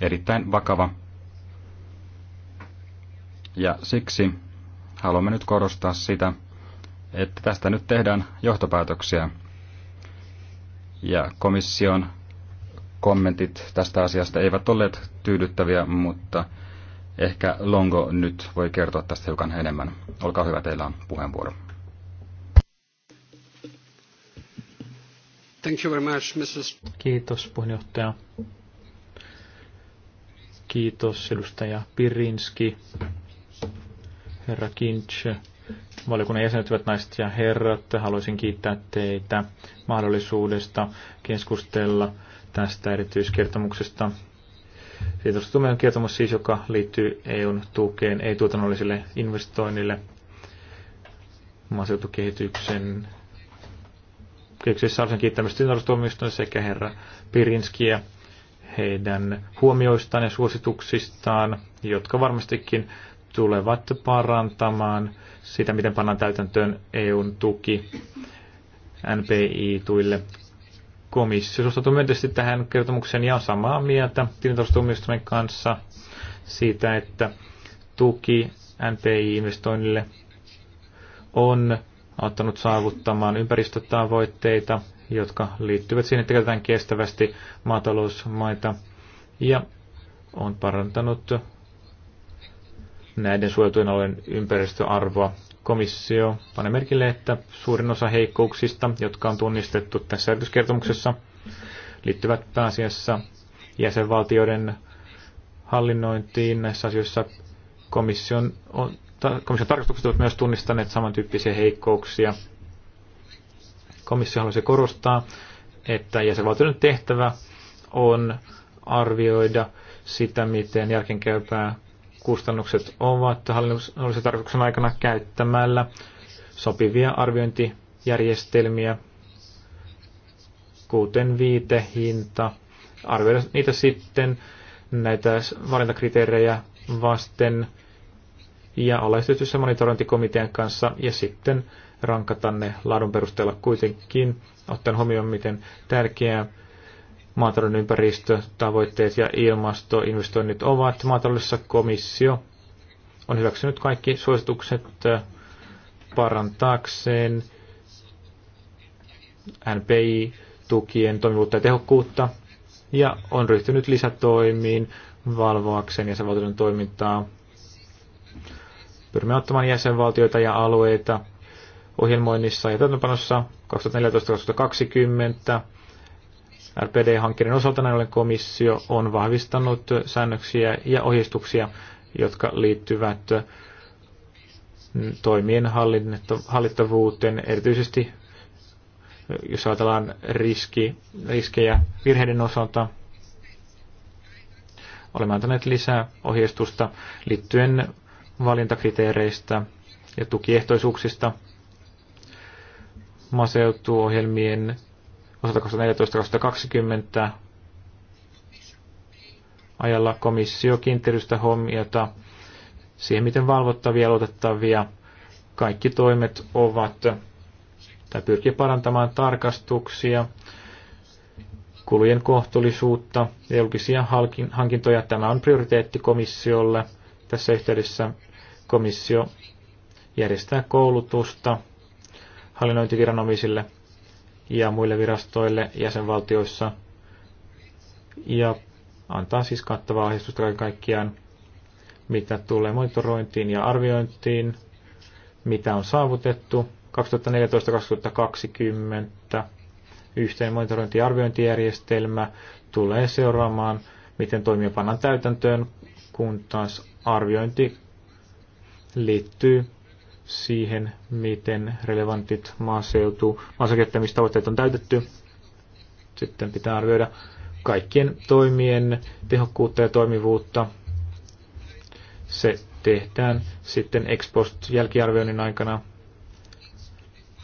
erittäin vakava ja siksi haluamme nyt korostaa sitä, että tästä nyt tehdään johtopäätöksiä. Ja komission kommentit tästä asiasta eivät olleet tyydyttäviä, mutta ehkä Longo nyt voi kertoa tästä hiukan enemmän. Olkaa hyvä, teillä on puheenvuoro. Thank you very much, Mrs. Kiitos puheenjohtaja. Kiitos edustaja Pirinski herra Kinch, valiokunnan jäsenet, hyvät naiset ja herrat, haluaisin kiittää teitä mahdollisuudesta keskustella tästä erityiskertomuksesta. Sijoitustumme on kertomus siis, joka liittyy EUn tukeen ei-tuotannollisille investoinnille maaseutukehityksen kehityksessä Sarsen kiittämistä sijoitustuomioistuin sekä herra Pirinskiä heidän huomioistaan ja suosituksistaan, jotka varmastikin tulevat parantamaan sitä, miten pannaan täytäntöön EUn tuki NPI-tuille. Komissio suhtautuu myönteisesti tähän kertomukseen ja on samaa mieltä tilintarkastustuomioistuimen kanssa siitä, että tuki NPI-investoinnille on auttanut saavuttamaan ympäristötavoitteita, jotka liittyvät siihen, että käytetään kestävästi maatalousmaita ja on parantanut näiden suojeltujen alueen ympäristöarvoa. Komissio panee merkille, että suurin osa heikkouksista, jotka on tunnistettu tässä erityiskertomuksessa, liittyvät pääasiassa jäsenvaltioiden hallinnointiin näissä asioissa. Komission, on, ta, komission tarkastukset ovat myös tunnistaneet samantyyppisiä heikkouksia. Komissio haluaisi korostaa, että jäsenvaltioiden tehtävä on arvioida sitä, miten järkenkäypää kustannukset ovat hallinnollisen tarkoituksen aikana käyttämällä sopivia arviointijärjestelmiä, kuten viitehinta. Arvioida niitä sitten näitä valintakriteerejä vasten ja olla yhteistyössä monitorointikomitean kanssa ja sitten rankata ne laadun perusteella kuitenkin, ottaen huomioon, miten tärkeää maatalouden ympäristötavoitteet ja ilmastoinvestoinnit ovat. Maataloudessa komissio on hyväksynyt kaikki suositukset äh, parantaakseen NPI-tukien toimivuutta ja tehokkuutta ja on ryhtynyt lisätoimiin valvoakseen jäsenvaltioiden toimintaa. Pyrimme ottamaan jäsenvaltioita ja alueita ohjelmoinnissa ja täytäntöpanossa 2014-2020 RPD-hankkeiden osalta näin ollen komissio on vahvistanut säännöksiä ja ohjeistuksia, jotka liittyvät toimien hallittavuuteen, erityisesti jos ajatellaan riski, riskejä virheiden osalta. Olemme antaneet lisää ohjeistusta liittyen valintakriteereistä ja tukiehtoisuuksista, maaseutuohjelmien osalta 2014-2020 ajalla komissio kiinnittelystä huomiota siihen, miten valvottavia ja luotettavia kaikki toimet ovat tai pyrkii parantamaan tarkastuksia, kulujen kohtuullisuutta ja julkisia hankintoja. Tämä on prioriteetti komissiolle. Tässä yhteydessä komissio järjestää koulutusta hallinnointiviranomaisille ja muille virastoille jäsenvaltioissa ja antaa siis kattavaa ohjeistusta kaiken kaikkiaan, mitä tulee monitorointiin ja arviointiin, mitä on saavutettu 2014-2020. Yhteen monitorointi- ja arviointijärjestelmä tulee seuraamaan, miten toimia pannaan täytäntöön, kun taas arviointi liittyy siihen, miten relevantit maaseutu, maaseutukehittämistavoitteet on täytetty. Sitten pitää arvioida kaikkien toimien tehokkuutta ja toimivuutta. Se tehdään sitten ex post jälkiarvioinnin aikana.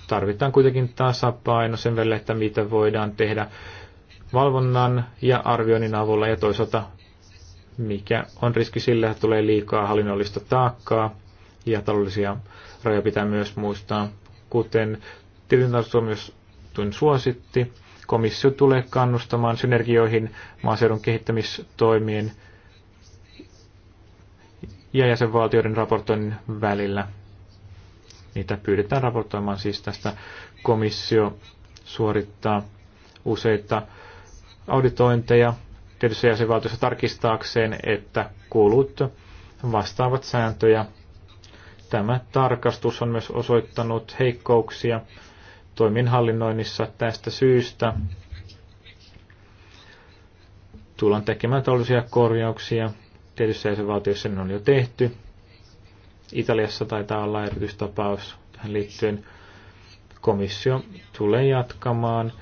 Tarvitaan kuitenkin tasapaino sen välillä, että mitä voidaan tehdä valvonnan ja arvioinnin avulla ja toisaalta mikä on riski sillä, että tulee liikaa hallinnollista taakkaa ja taloudellisia raja pitää myös muistaa. Kuten tilintarkastustuomioistuin suositti, komissio tulee kannustamaan synergioihin maaseudun kehittämistoimien ja jäsenvaltioiden raportoinnin välillä. Niitä pyydetään raportoimaan siis tästä. Komissio suorittaa useita auditointeja tietyissä jäsenvaltioissa tarkistaakseen, että kulut vastaavat sääntöjä Tämä tarkastus on myös osoittanut heikkouksia toiminhallinnoinnissa tästä syystä. Tullaan tekemään tällaisia korjauksia. Tietyissä jäsenvaltioissa ne on jo tehty. Italiassa taitaa olla erityistapaus tähän liittyen. Komissio tulee jatkamaan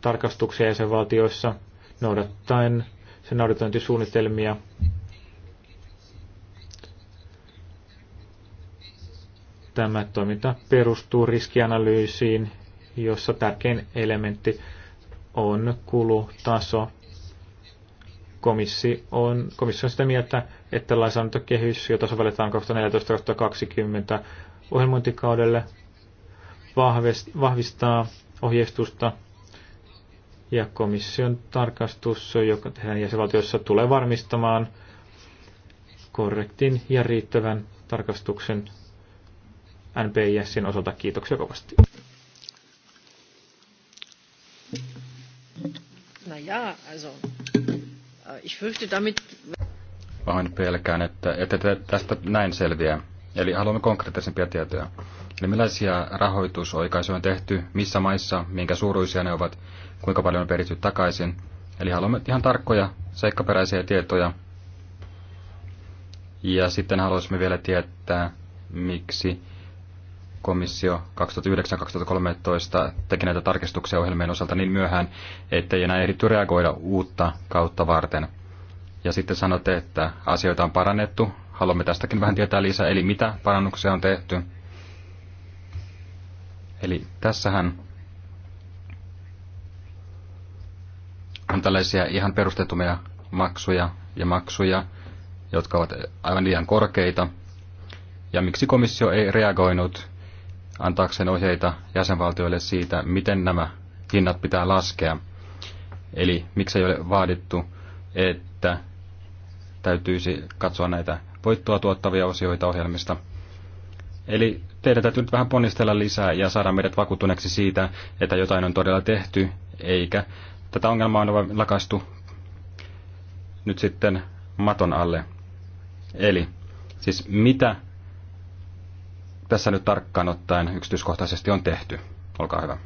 tarkastuksia jäsenvaltioissa noudattaen sen auditointisuunnitelmia Tämä toiminta perustuu riskianalyysiin, jossa tärkein elementti on kulutaso. Komissi on, komissio on sitä mieltä, että lainsäädäntökehys, jota sovelletaan 2014-2020 ohjelmointikaudelle, vahvistaa ohjeistusta ja komission tarkastus, joka tehdään jäsenvaltiossa, tulee varmistamaan korrektin ja riittävän tarkastuksen NPISin osalta. Kiitoksia kovasti. Na ja, also, äh, ich fürchte damit... Pahoin pelkään, että, että tästä näin selviää. Eli haluamme konkreettisempia tietoja. Eli millaisia rahoitusoikaisuja on tehty, missä maissa, minkä suuruisia ne ovat, kuinka paljon on peritty takaisin. Eli haluamme ihan tarkkoja, seikkaperäisiä tietoja. Ja sitten haluaisimme vielä tietää, miksi komissio 2009-2013 teki näitä tarkistuksia ohjelmien osalta niin myöhään, ettei enää ehditty reagoida uutta kautta varten. Ja sitten sanotte, että asioita on parannettu, haluamme tästäkin vähän tietää lisää, eli mitä parannuksia on tehty. Eli tässähän on tällaisia ihan perustetumia maksuja ja maksuja, jotka ovat aivan liian korkeita. Ja miksi komissio ei reagoinut antaakseen ohjeita jäsenvaltioille siitä, miten nämä hinnat pitää laskea. Eli ei ole vaadittu, että täytyisi katsoa näitä voittoa tuottavia osioita ohjelmista. Eli teidän täytyy nyt vähän ponnistella lisää ja saada meidät vakuuttuneeksi siitä, että jotain on todella tehty, eikä tätä ongelmaa on lakastu nyt sitten maton alle. Eli siis mitä tässä nyt tarkkaan ottaen yksityiskohtaisesti on tehty. Olkaa hyvä.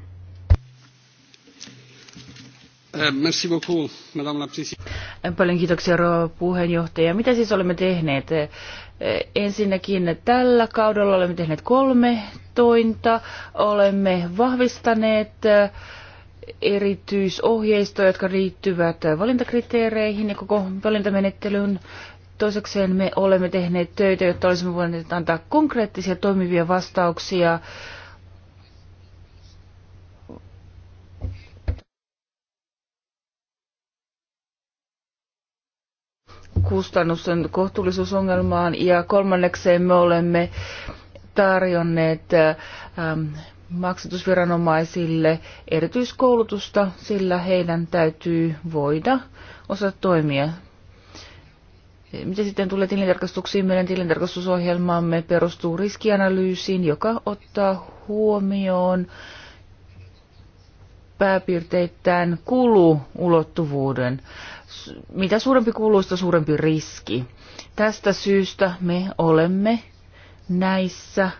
Eh, merci beaucoup, madame la eh, Paljon kiitoksia, rouva puheenjohtaja. Mitä siis olemme tehneet? Eh, ensinnäkin tällä kaudella olemme tehneet kolme tointa. Olemme vahvistaneet erityisohjeistoja, jotka liittyvät valintakriteereihin ja koko valintamenettelyyn. Toisekseen me olemme tehneet töitä, jotta olisimme voineet antaa konkreettisia toimivia vastauksia kustannusten kohtuullisuusongelmaan ja kolmannekseen me olemme tarjonneet ähm, maksatusviranomaisille erityiskoulutusta, sillä heidän täytyy voida osata toimia. Mitä sitten tulee tilintarkastuksiin? Meidän tilintarkastusohjelmamme perustuu riskianalyysiin, joka ottaa huomioon pääpiirteittäin kuluulottuvuuden. Mitä suurempi kuluista suurempi riski. Tästä syystä me olemme näissä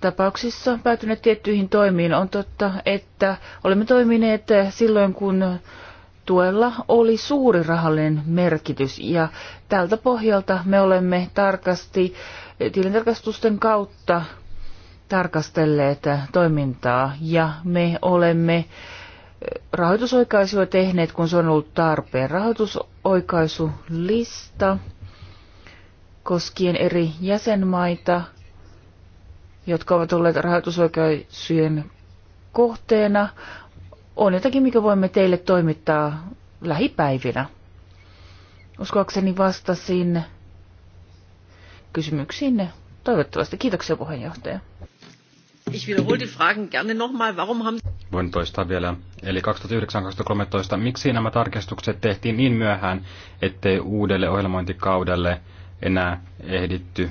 tapauksissa päätyneet tiettyihin toimiin. On totta, että olemme toimineet silloin, kun tuella oli suuri rahallinen merkitys ja tältä pohjalta me olemme tarkasti eh, tilintarkastusten kautta tarkastelleet eh, toimintaa ja me olemme eh, rahoitusoikaisuja tehneet, kun se on ollut tarpeen. Rahoitusoikaisulista koskien eri jäsenmaita, jotka ovat olleet rahoitusoikaisujen kohteena, on jotakin, mikä voimme teille toimittaa lähipäivinä. Uskoakseni vastasin kysymyksiinne. Toivottavasti. Kiitoksia puheenjohtaja. Ich wiederhole die Fragen gerne nochmal. Warum haben Voin toistaa vielä. Eli 2009-2013, miksi nämä tarkistukset tehtiin niin myöhään, ettei uudelle ohjelmointikaudelle enää ehditty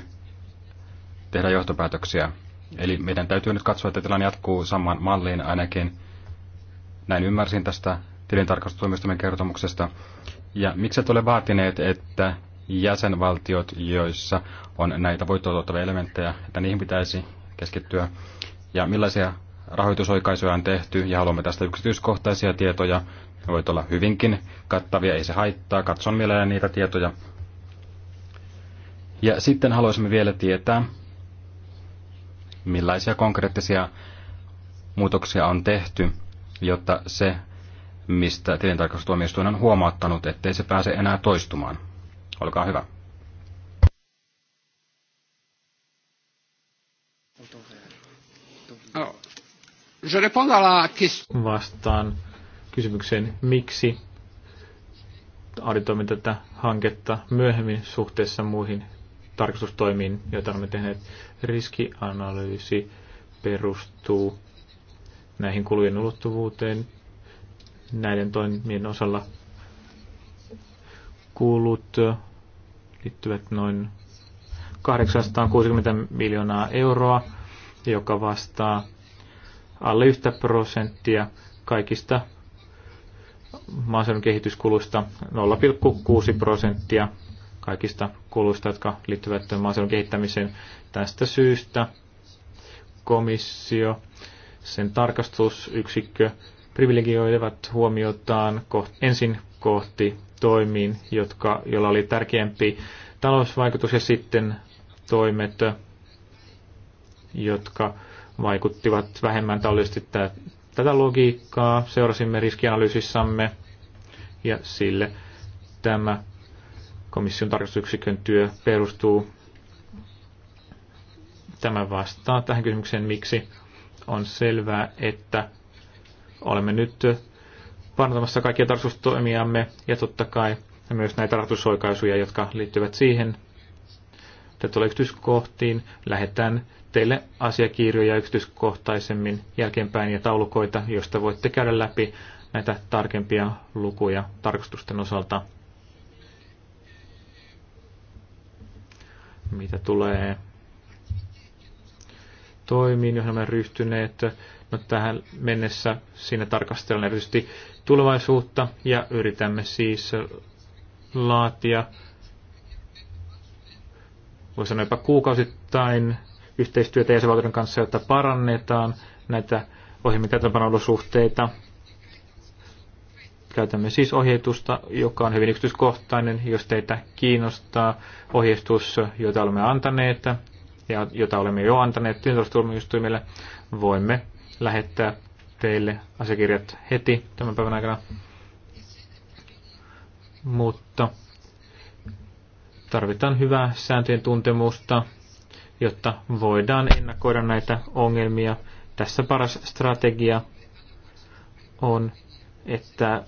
tehdä johtopäätöksiä? Eli meidän täytyy nyt katsoa, että tilanne jatkuu saman malliin ainakin näin ymmärsin tästä tilintarkastustoimistomien kertomuksesta. Ja miksi et ole vaatineet, että jäsenvaltiot, joissa on näitä voittoa elementtejä, että niihin pitäisi keskittyä? Ja millaisia rahoitusoikaisuja on tehty ja haluamme tästä yksityiskohtaisia tietoja. Ne voit olla hyvinkin kattavia, ei se haittaa. Katson mielelläni niitä tietoja. Ja sitten haluaisimme vielä tietää, millaisia konkreettisia muutoksia on tehty jotta se, mistä tilintarkastustuomioistuin on huomauttanut, ettei se pääse enää toistumaan. Olkaa hyvä. Oh, Vastaan kysymykseen, miksi auditoimme tätä hanketta myöhemmin suhteessa muihin tarkastustoimiin, joita olemme tehneet. Riskianalyysi perustuu näihin kulujen ulottuvuuteen näiden toimien osalla. Kulut liittyvät noin 860 miljoonaa euroa, joka vastaa alle yhtä prosenttia kaikista maaseudun kehityskuluista 0,6 prosenttia kaikista kuluista, jotka liittyvät maaseudun kehittämiseen. Tästä syystä komissio sen tarkastusyksikkö privilegioivat huomiotaan kohti, ensin kohti toimiin, jotka, joilla oli tärkeämpi talousvaikutus ja sitten toimet, jotka vaikuttivat vähemmän taloudellisesti tätä logiikkaa. Seurasimme riskianalyysissamme ja sille tämä komission tarkastusyksikön työ perustuu. Tämä vastaa tähän kysymykseen, miksi on selvää, että olemme nyt parantamassa kaikkia tarkastustoimiamme ja totta kai myös näitä rahoitusoikaisuja, jotka liittyvät siihen. Tätä yksityiskohtiin. Lähetään teille asiakirjoja yksityiskohtaisemmin jälkeenpäin ja taulukoita, joista voitte käydä läpi näitä tarkempia lukuja tarkastusten osalta. Mitä tulee toimiin, joihin olemme ryhtyneet. No, tähän mennessä siinä tarkastellaan erityisesti tulevaisuutta ja yritämme siis laatia, voisi sanoa jopa kuukausittain, yhteistyötä jäsenvaltioiden kanssa, jotta parannetaan näitä ohjelmien täytäntöpanolosuhteita. Käytämme siis ohjeistusta, joka on hyvin yksityiskohtainen, jos teitä kiinnostaa ohjeistus, jota olemme antaneet ja jota olemme jo antaneet tietotustuomioistuimille, voimme lähettää teille asiakirjat heti tämän päivän aikana. Mutta tarvitaan hyvää sääntöjen tuntemusta, jotta voidaan ennakoida näitä ongelmia. Tässä paras strategia on, että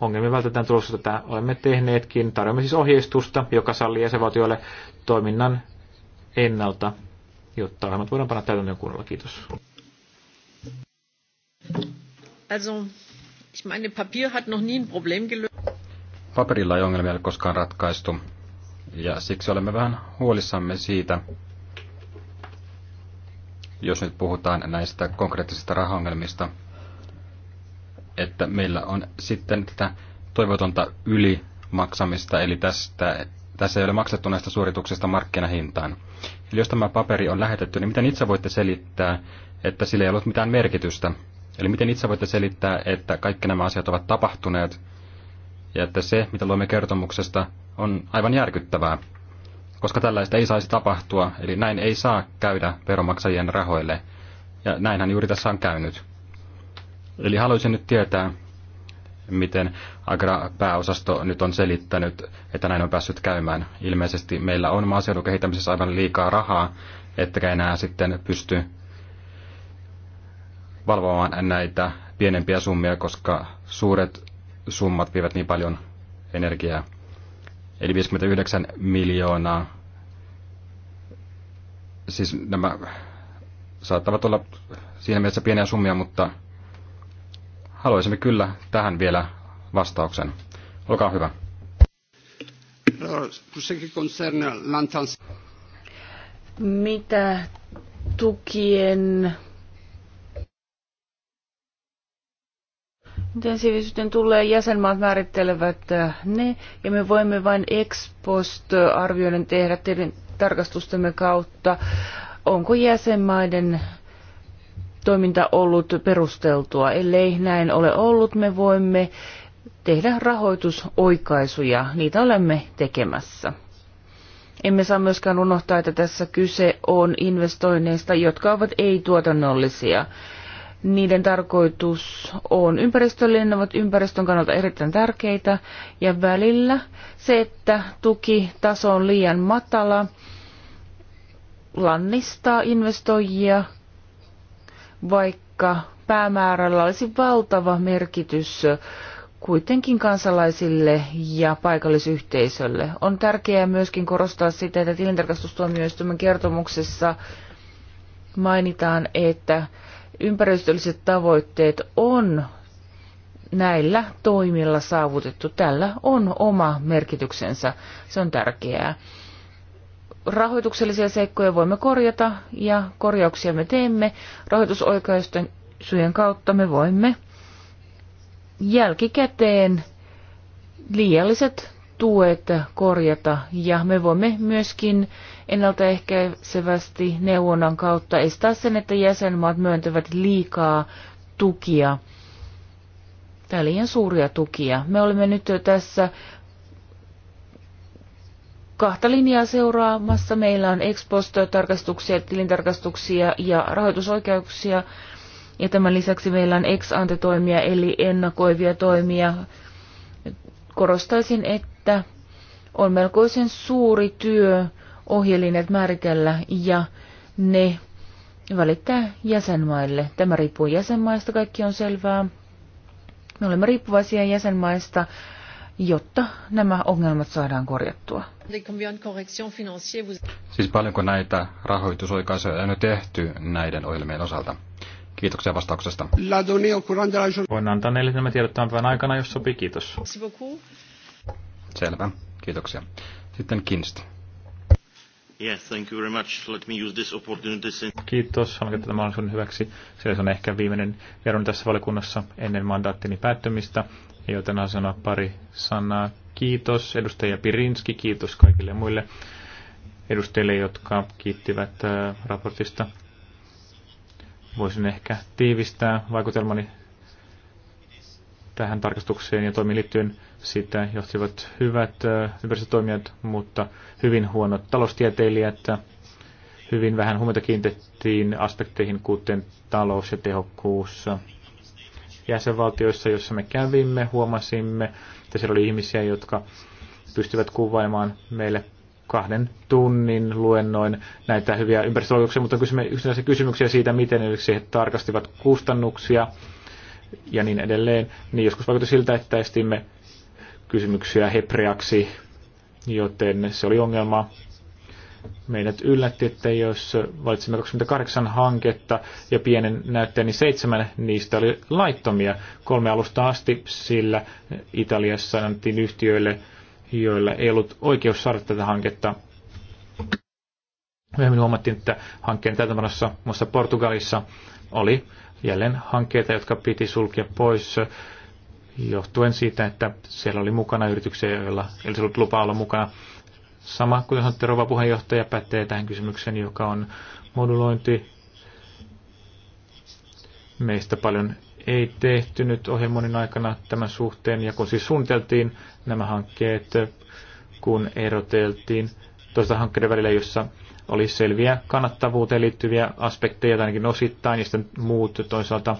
ongelmia vältetään tulossa. Tätä olemme tehneetkin. Tarjoamme siis ohjeistusta, joka sallii jäsenvaltioille toiminnan ennalta, jotta ohjelmat voidaan panna täytäntöön kunnolla. Kiitos. Also, ich meine, Papier hat noch nie ein Problem gelöst. Paperilla ei ongelmia ole koskaan ratkaistu, ja siksi olemme vähän huolissamme siitä, jos nyt puhutaan näistä konkreettisista rahaongelmista, että meillä on sitten tätä toivotonta ylimaksamista, eli tästä tässä ei ole maksettu näistä suorituksista markkinahintaan. Eli jos tämä paperi on lähetetty, niin miten itse voitte selittää, että sillä ei ollut mitään merkitystä? Eli miten itse voitte selittää, että kaikki nämä asiat ovat tapahtuneet ja että se, mitä luomme kertomuksesta, on aivan järkyttävää? Koska tällaista ei saisi tapahtua, eli näin ei saa käydä veronmaksajien rahoille. Ja näinhän juuri tässä on käynyt. Eli haluaisin nyt tietää, miten Agra-pääosasto nyt on selittänyt, että näin on päässyt käymään. Ilmeisesti meillä on maaseudun kehittämisessä aivan liikaa rahaa, ettekä enää sitten pysty valvomaan näitä pienempiä summia, koska suuret summat vievät niin paljon energiaa. Eli 59 miljoonaa. Siis nämä saattavat olla siinä mielessä pieniä summia, mutta haluaisimme kyllä tähän vielä vastauksen. Olkaa hyvä. Mitä tukien intensiivisyyden tulee, jäsenmaat määrittelevät äh, ne, ja me voimme vain ex post arvioiden tehdä teidän tarkastustemme kautta, onko jäsenmaiden toiminta ollut perusteltua. Ellei näin ole ollut, me voimme tehdä rahoitusoikaisuja. Niitä olemme tekemässä. Emme saa myöskään unohtaa, että tässä kyse on investoinneista, jotka ovat ei-tuotannollisia. Niiden tarkoitus on ympäristöllinen, ne ovat ympäristön kannalta erittäin tärkeitä ja välillä se, että tukitaso on liian matala, lannistaa investoijia – vaikka päämäärällä olisi valtava merkitys kuitenkin kansalaisille ja paikallisyhteisölle. On tärkeää myöskin korostaa sitä, että tilintarkastustuomioistuimen kertomuksessa mainitaan, että ympäristölliset tavoitteet on näillä toimilla saavutettu. Tällä on oma merkityksensä. Se on tärkeää rahoituksellisia seikkoja voimme korjata ja korjauksia me teemme. Rahoitusoikeusten syjen kautta me voimme jälkikäteen liialliset tuet korjata ja me voimme myöskin ennaltaehkäisevästi neuvonnan kautta estää sen, että jäsenmaat myöntävät liikaa tukia tai liian suuria tukia. Me olemme nyt tässä kahta linjaa seuraamassa. Meillä on ex tarkastuksia, tilintarkastuksia ja rahoitusoikeuksia. Ja tämän lisäksi meillä on ex antetoimia eli ennakoivia toimia. Korostaisin, että on melkoisen suuri työ ohjelineet määritellä ja ne välittää jäsenmaille. Tämä riippuu jäsenmaista, kaikki on selvää. Me olemme riippuvaisia jäsenmaista, jotta nämä ongelmat saadaan korjattua. Siis paljonko näitä rahoitusoikaisuja on jo tehty näiden ohjelmien osalta? Kiitoksia vastauksesta. Voin antaa neljä nämä tiedot tämän päivän aikana, jos sopii. Kiitos. Selvä. Kiitoksia. Sitten Kinst. Yes, thank you very much. Let me use this opportunity. Kiitos. Haluan käyttää mahdollisuuden hyväksi. Se on ehkä viimeinen vieroni tässä valikunnassa ennen mandaattini päättymistä, joten haluan sanoa pari sanaa Kiitos edustaja Pirinski, kiitos kaikille muille edustajille, jotka kiittivät äh, raportista. Voisin ehkä tiivistää vaikutelmani tähän tarkastukseen ja toimiin liittyen sitä johtivat hyvät äh, ympäristötoimijat, mutta hyvin huonot taloustieteilijät. Hyvin vähän huomiota kiinnitettiin aspekteihin, kuten talous ja tehokkuus jäsenvaltioissa, jossa me kävimme, huomasimme, että siellä oli ihmisiä, jotka pystyvät kuvaimaan meille kahden tunnin luennoin näitä hyviä ympäristövaikutuksia, mutta kysymme yksinäisiä kysymyksiä siitä, miten he tarkastivat kustannuksia ja niin edelleen, niin joskus vaikutti siltä, että estimme kysymyksiä hepreaksi, joten se oli ongelma meidät yllätti, että jos valitsimme 28 hanketta ja pienen näytteen, niin seitsemän niistä oli laittomia kolme alusta asti, sillä Italiassa annettiin yhtiöille, joilla ei ollut oikeus saada tätä hanketta. Myöhemmin huomattiin, että hankkeen täytäntöönpanossa muassa Portugalissa oli jälleen hankkeita, jotka piti sulkea pois johtuen siitä, että siellä oli mukana yrityksiä, joilla ei ollut lupaa olla mukana Sama, kuin sanotte, rouva puheenjohtaja pätee tähän kysymykseen, joka on modulointi. Meistä paljon ei tehty nyt ohjelmoinnin aikana tämän suhteen, ja kun siis suunniteltiin nämä hankkeet, kun eroteltiin toista hankkeiden välillä, jossa oli selviä kannattavuuteen liittyviä aspekteja, tai ainakin osittain, ja sitten muut toisaalta,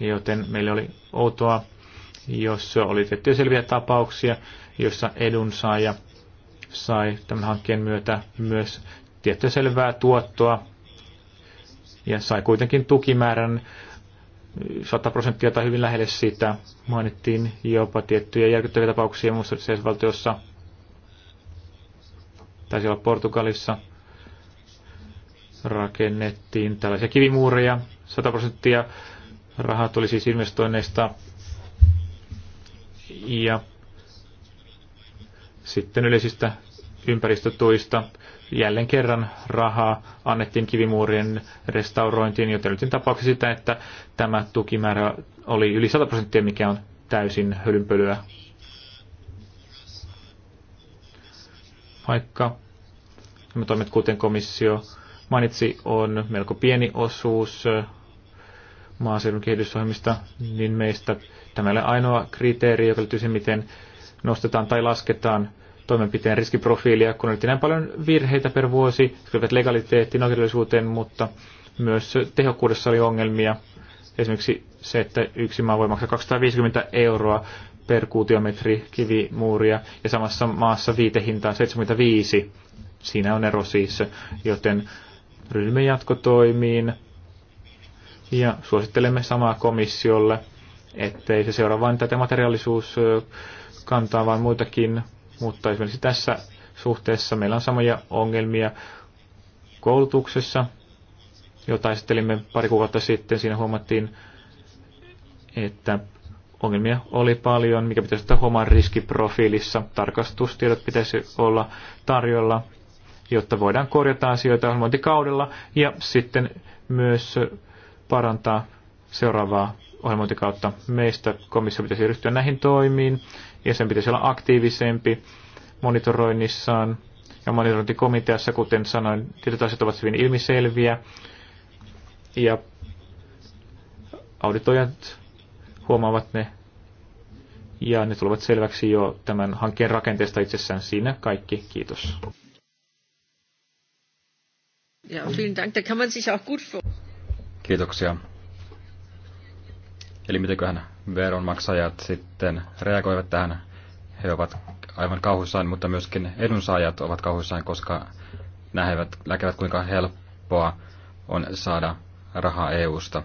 joten meillä oli outoa, jos oli tiettyjä selviä tapauksia, jossa edunsaaja sai tämän hankkeen myötä myös tiettyä selvää tuottoa ja sai kuitenkin tukimäärän 100 prosenttia tai hyvin lähelle sitä. Mainittiin jopa tiettyjä järkyttäviä tapauksia muussa valtiossa, taisi olla Portugalissa, rakennettiin tällaisia kivimuureja, 100 prosenttia rahaa tuli siis investoinneista ja sitten yleisistä ympäristötuista jälleen kerran rahaa annettiin kivimuurien restaurointiin, joten nyt tapauksessa sitä, että tämä tukimäärä oli yli 100 prosenttia, mikä on täysin hölynpölyä. Vaikka nämä toimet, kuten komissio mainitsi, on melko pieni osuus maaseudun kehitysohjelmista, niin meistä tämä ei ole ainoa kriteeri, joka liittyy miten nostetaan tai lasketaan toimenpiteen riskiprofiilia, kun oli näin paljon virheitä per vuosi, liittyvät legaliteettiin, oikeudellisuuteen, mutta myös tehokkuudessa oli ongelmia. Esimerkiksi se, että yksi maa voi maksaa 250 euroa per kuutiometri kivimuuria ja samassa maassa viitehintaan 75. Siinä on ero siis, joten ryhdymme jatkotoimiin ja suosittelemme samaa komissiolle, ettei se seuraa vain tätä materiaalisuus kantaa, vaan muitakin. Mutta esimerkiksi tässä suhteessa meillä on samoja ongelmia koulutuksessa, jota esittelimme pari kuukautta sitten. Siinä huomattiin, että ongelmia oli paljon, mikä pitäisi ottaa huomaan riskiprofiilissa. Tarkastustiedot pitäisi olla tarjolla, jotta voidaan korjata asioita ohjelmointikaudella ja sitten myös parantaa seuraavaa ohjelmointikautta. Meistä komissio pitäisi ryhtyä näihin toimiin ja sen pitäisi olla aktiivisempi monitoroinnissaan ja monitorointikomiteassa, kuten sanoin, tietyt asiat ovat hyvin ilmiselviä ja auditoijat huomaavat ne ja ne tulevat selväksi jo tämän hankkeen rakenteesta itsessään siinä kaikki. Kiitos. Ja, vielen Dank. Da kann man sich auch gut Kiitoksia. Eli mitenköhän veronmaksajat sitten reagoivat tähän. He ovat aivan kauhuissaan, mutta myöskin edunsaajat ovat kauhuissaan, koska näkevät, näkevät kuinka helppoa on saada rahaa EUsta.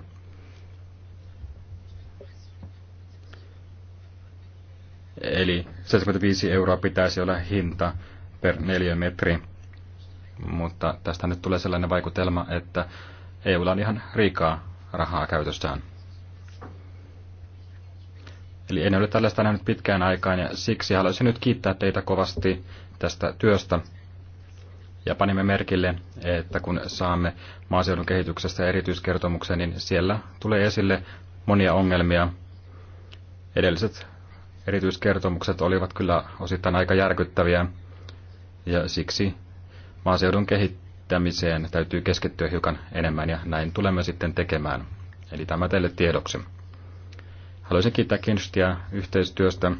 Eli 75 euroa pitäisi olla hinta per neliömetri, mutta tästä nyt tulee sellainen vaikutelma, että EUlla on ihan riikaa rahaa käytöstään. Eli en ole tällaista nähnyt pitkään aikaan ja siksi haluaisin nyt kiittää teitä kovasti tästä työstä. Ja panimme merkille, että kun saamme maaseudun kehityksestä erityiskertomuksen, niin siellä tulee esille monia ongelmia. Edelliset erityiskertomukset olivat kyllä osittain aika järkyttäviä ja siksi maaseudun kehittämiseen täytyy keskittyä hiukan enemmän ja näin tulemme sitten tekemään. Eli tämä teille tiedoksi. Haluaisin kiittää Kinstia yhteistyöstä.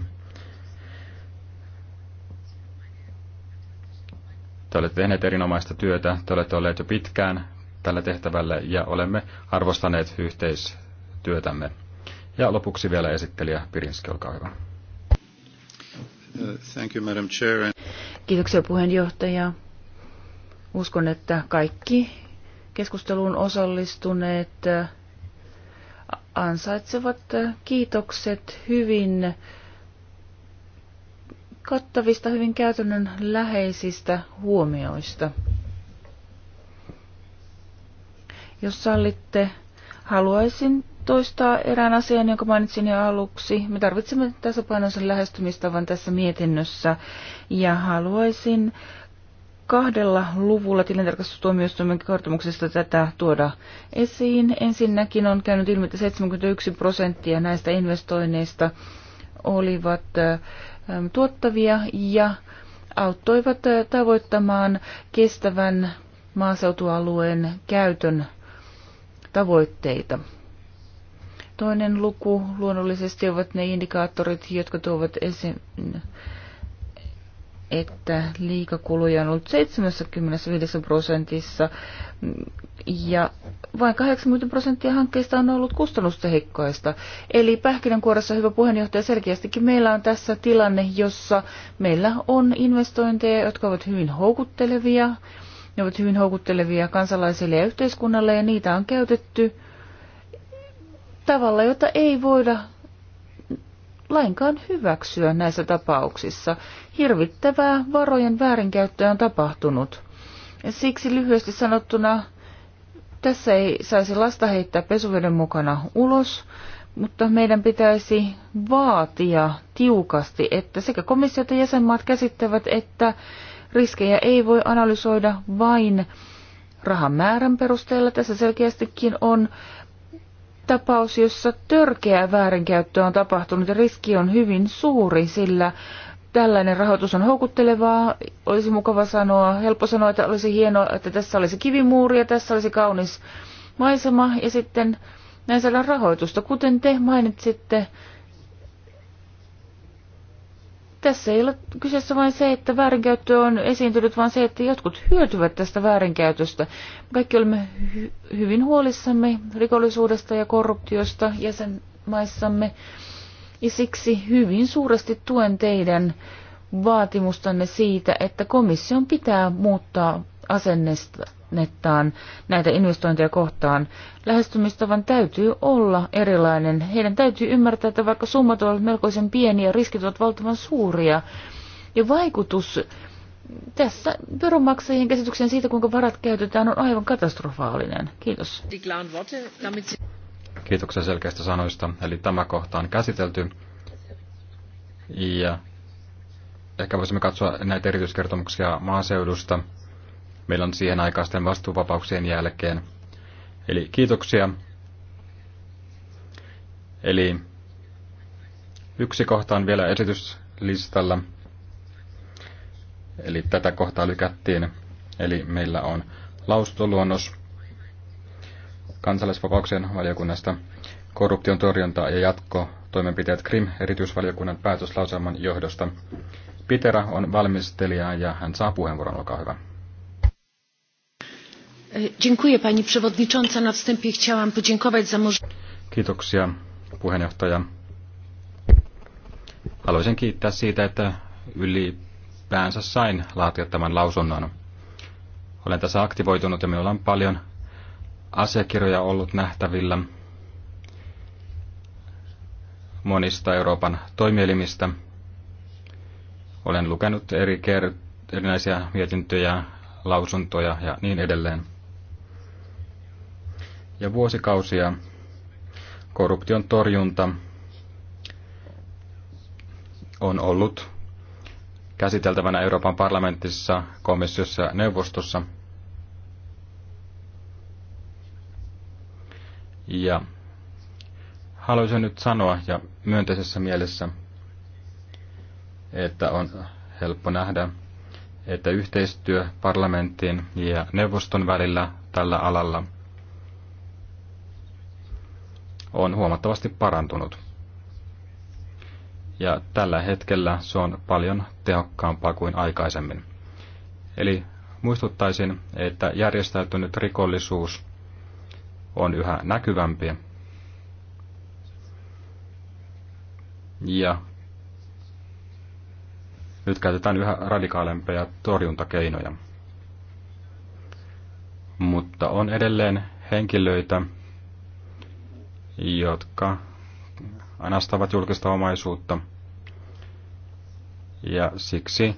Te olette tehneet erinomaista työtä, te olette olleet jo pitkään tällä tehtävällä ja olemme arvostaneet yhteistyötämme. Ja lopuksi vielä esittelijä Pirinski, olkaa hyvä. Uh, thank you, Madam Chair. Kiitoksia puheenjohtaja. Uskon, että kaikki keskusteluun osallistuneet ansaitsevat kiitokset hyvin kattavista, hyvin käytännön läheisistä huomioista. Jos sallitte, haluaisin toistaa erään asian, jonka mainitsin jo aluksi. Me tarvitsemme tasapainoisen lähestymistavan tässä mietinnössä ja haluaisin äh, kahdella luvulla tilintarkastustuomioistuimen kertomuksesta tätä tuoda esiin. Ensinnäkin on käynyt ilmi, että 71 prosenttia näistä investoinneista olivat tuottavia ja auttoivat tavoittamaan kestävän maaseutualueen käytön tavoitteita. Toinen luku luonnollisesti ovat ne indikaattorit, jotka tuovat esiin että liikakuluja on ollut 75 prosentissa ja vain 80 prosenttia hankkeista on ollut kustannustehikkoista. Eli pähkinänkuoressa hyvä puheenjohtaja, selkeästikin meillä on tässä tilanne, jossa meillä on investointeja, jotka ovat hyvin houkuttelevia. Ne ovat hyvin houkuttelevia kansalaisille ja yhteiskunnalle ja niitä on käytetty tavalla, jota ei voida lainkaan hyväksyä näissä tapauksissa. Hirvittävää varojen väärinkäyttöä on tapahtunut. Siksi lyhyesti sanottuna tässä ei saisi lasta heittää pesuveden mukana ulos, mutta meidän pitäisi vaatia tiukasti, että sekä komissio että jäsenmaat käsittävät, että riskejä ei voi analysoida vain rahan määrän perusteella. Tässä selkeästikin on tapaus, jossa törkeä väärinkäyttöä on tapahtunut ja riski on hyvin suuri, sillä tällainen rahoitus on houkuttelevaa. Olisi mukava sanoa, helppo sanoa, että olisi hienoa, että tässä olisi kivimuuri ja tässä olisi kaunis maisema ja sitten näin saadaan rahoitusta. Kuten te mainitsitte, tässä ei ole kyseessä vain se, että väärinkäyttö on esiintynyt, vaan se, että jotkut hyötyvät tästä väärinkäytöstä. Kaikki olemme hy- hyvin huolissamme rikollisuudesta ja korruptiosta jäsenmaissamme. Ja siksi hyvin suuresti tuen teidän vaatimustanne siitä, että komission pitää muuttaa asennesta tilannettaan näitä investointeja kohtaan. Lähestymistavan täytyy olla erilainen. Heidän täytyy ymmärtää, että vaikka summat ovat melkoisen pieniä, riskit ovat valtavan suuria. Ja vaikutus tässä veronmaksajien käsitykseen siitä, kuinka varat käytetään, on aivan katastrofaalinen. Kiitos. Kiitoksia selkeistä sanoista. Eli tämä kohta on käsitelty. Ja ehkä voisimme katsoa näitä erityiskertomuksia maaseudusta meillä on siihen aikaisten vastuuvapauksien jälkeen. Eli kiitoksia. Eli yksi kohta on vielä esityslistalla. Eli tätä kohtaa lykättiin. Eli meillä on lausuntoluonnos kansallisvapauksien valiokunnasta korruption torjunta ja jatko toimenpiteet Krim erityisvaliokunnan päätöslauselman johdosta. Pitera on valmistelija ja hän saa puheenvuoron, olkaa hyvä pani przewodnicząca. Na wstępie chciałam podziękować za możliwość. Kiitoksia Haluaisin kiittää siitä, että ylipäänsä sain laatia tämän lausunnon. Olen tässä aktivoitunut ja minulla on paljon asiakirjoja ollut nähtävillä monista Euroopan toimielimistä. Olen lukenut eri kert- erinäisiä mietintöjä, lausuntoja ja niin edelleen ja vuosikausia korruption torjunta on ollut käsiteltävänä Euroopan parlamentissa, komissiossa ja neuvostossa. Ja haluaisin nyt sanoa ja myönteisessä mielessä, että on helppo nähdä, että yhteistyö parlamentin ja neuvoston välillä tällä alalla on huomattavasti parantunut. Ja tällä hetkellä se on paljon tehokkaampaa kuin aikaisemmin. Eli muistuttaisin, että järjestäytynyt rikollisuus on yhä näkyvämpi ja nyt käytetään yhä radikaalempia torjuntakeinoja. Mutta on edelleen henkilöitä, jotka anastavat julkista omaisuutta. Ja siksi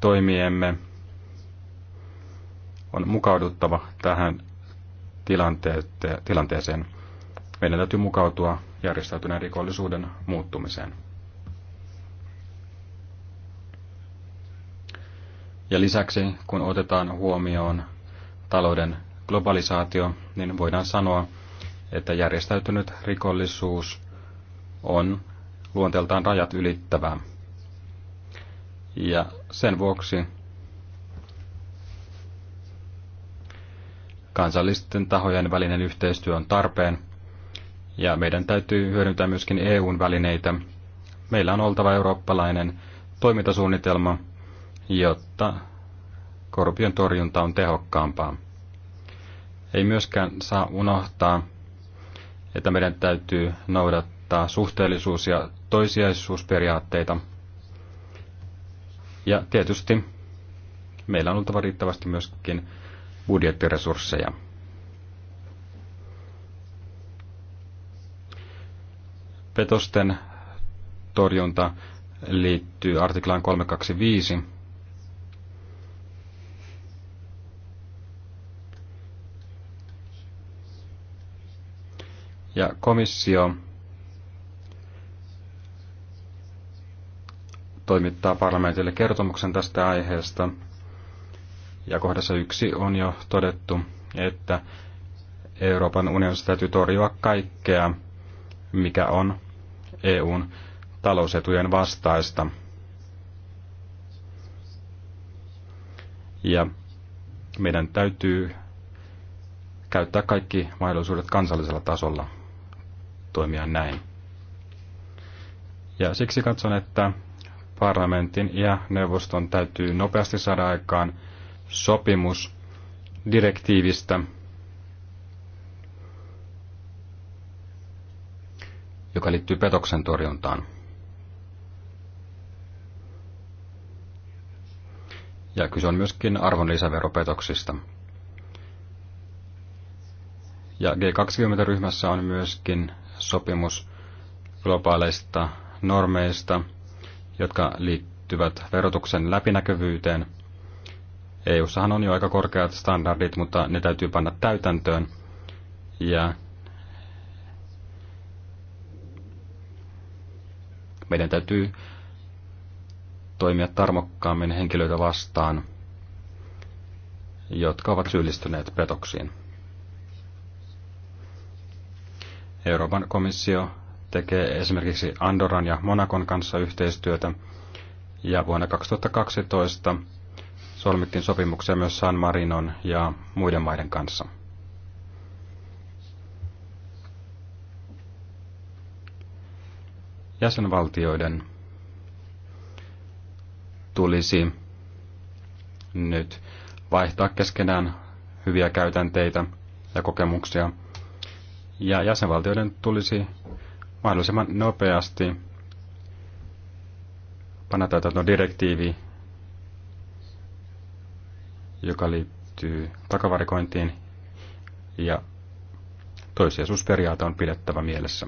toimiemme on mukauduttava tähän tilanteeseen. Meidän täytyy mukautua järjestäytyneen rikollisuuden muuttumiseen. Ja lisäksi, kun otetaan huomioon talouden globalisaatio, niin voidaan sanoa, että järjestäytynyt rikollisuus on luonteeltaan rajat ylittävää. Ja sen vuoksi kansallisten tahojen välinen yhteistyö on tarpeen, ja meidän täytyy hyödyntää myöskin EUn välineitä. Meillä on oltava eurooppalainen toimintasuunnitelma, jotta korruption torjunta on tehokkaampaa. Ei myöskään saa unohtaa, että meidän täytyy noudattaa suhteellisuus- ja toisiaisuusperiaatteita. Ja tietysti meillä on oltava riittävästi myöskin budjettiresursseja. Petosten torjunta liittyy artiklaan 325 Ja komissio toimittaa parlamentille kertomuksen tästä aiheesta. Ja kohdassa yksi on jo todettu, että Euroopan unionissa täytyy torjua kaikkea, mikä on EUn talousetujen vastaista. Ja meidän täytyy käyttää kaikki mahdollisuudet kansallisella tasolla toimia näin. Ja siksi katson, että parlamentin ja neuvoston täytyy nopeasti saada aikaan sopimus direktiivistä, joka liittyy petoksen torjuntaan. Ja kyse on myöskin arvonlisäveropetoksista. Ja G20-ryhmässä on myöskin sopimus globaaleista normeista, jotka liittyvät verotuksen läpinäkyvyyteen. EUssahan on jo aika korkeat standardit, mutta ne täytyy panna täytäntöön. Ja meidän täytyy toimia tarmokkaammin henkilöitä vastaan, jotka ovat syyllistyneet petoksiin. Euroopan komissio tekee esimerkiksi Andoran ja Monakon kanssa yhteistyötä, ja vuonna 2012 solmittiin sopimuksia myös San Marinon ja muiden maiden kanssa. Jäsenvaltioiden tulisi nyt vaihtaa keskenään hyviä käytänteitä ja kokemuksia – ja jäsenvaltioiden tulisi mahdollisimman nopeasti panna täytäntöön direktiivi, joka liittyy takavarikointiin ja toissijaisuusperiaate on pidettävä mielessä.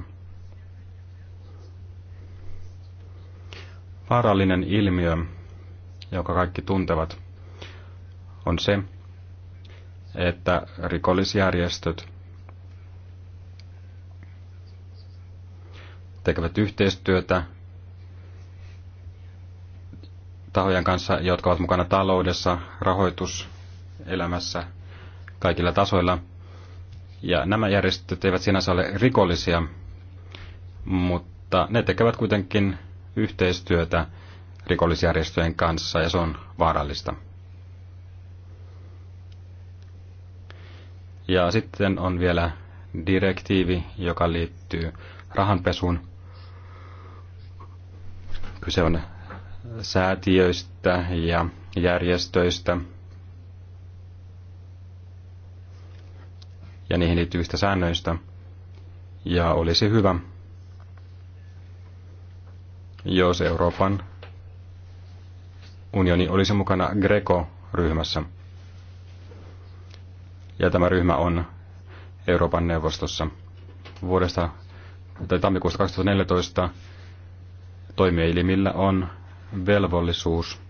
Vaarallinen ilmiö, joka kaikki tuntevat, on se, että rikollisjärjestöt – tekevät yhteistyötä tahojen kanssa, jotka ovat mukana taloudessa, rahoituselämässä, kaikilla tasoilla. Ja nämä järjestöt eivät sinänsä ole rikollisia, mutta ne tekevät kuitenkin yhteistyötä rikollisjärjestöjen kanssa ja se on vaarallista. Ja sitten on vielä direktiivi, joka liittyy rahanpesuun. Kyse on säätiöistä ja järjestöistä ja niihin liittyvistä säännöistä. Ja olisi hyvä, jos Euroopan unioni olisi mukana Greco-ryhmässä. Ja tämä ryhmä on Euroopan neuvostossa vuodesta tai tammikuusta 2014 toimielimillä on velvollisuus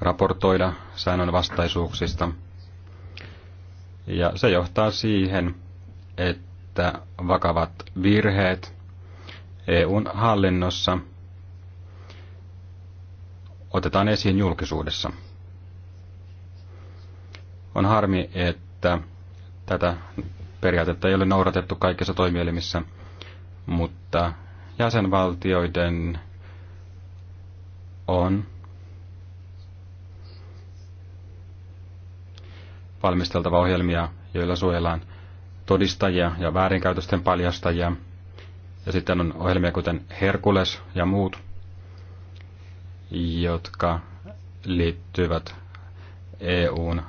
raportoida säännönvastaisuuksista. Ja se johtaa siihen, että vakavat virheet EUn hallinnossa otetaan esiin julkisuudessa. On harmi, että tätä periaatetta ei ole noudatettu kaikissa toimielimissä – mutta jäsenvaltioiden on valmisteltava ohjelmia, joilla suojellaan todistajia ja väärinkäytösten paljastajia. Ja sitten on ohjelmia kuten Herkules ja muut, jotka liittyvät EUn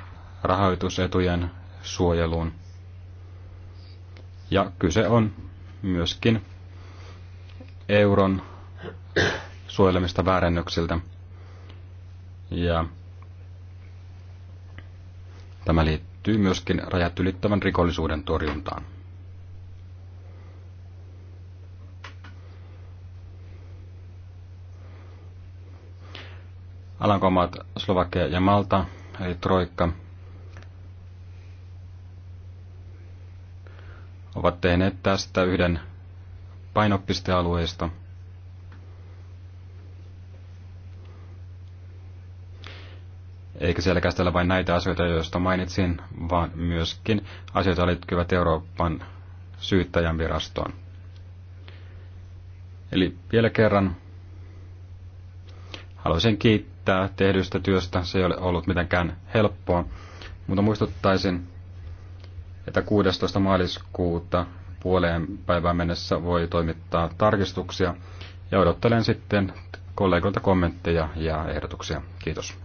rahoitusetujen suojeluun. Ja kyse on myöskin euron suojelemista väärennöksiltä. Ja tämä liittyy myöskin rajat ylittävän rikollisuuden torjuntaan. Alankomaat, Slovakia ja Malta, eli Troikka, ovat tehneet tästä yhden painopistealueista. Eikä siellä käsitellä vain näitä asioita, joista mainitsin, vaan myöskin asioita liittyvät Euroopan syyttäjän virastoon. Eli vielä kerran haluaisin kiittää tehdystä työstä. Se ei ole ollut mitenkään helppoa, mutta muistuttaisin, että 16. maaliskuuta puoleen päivään mennessä voi toimittaa tarkistuksia ja odottelen sitten kollegoilta kommentteja ja ehdotuksia. Kiitos.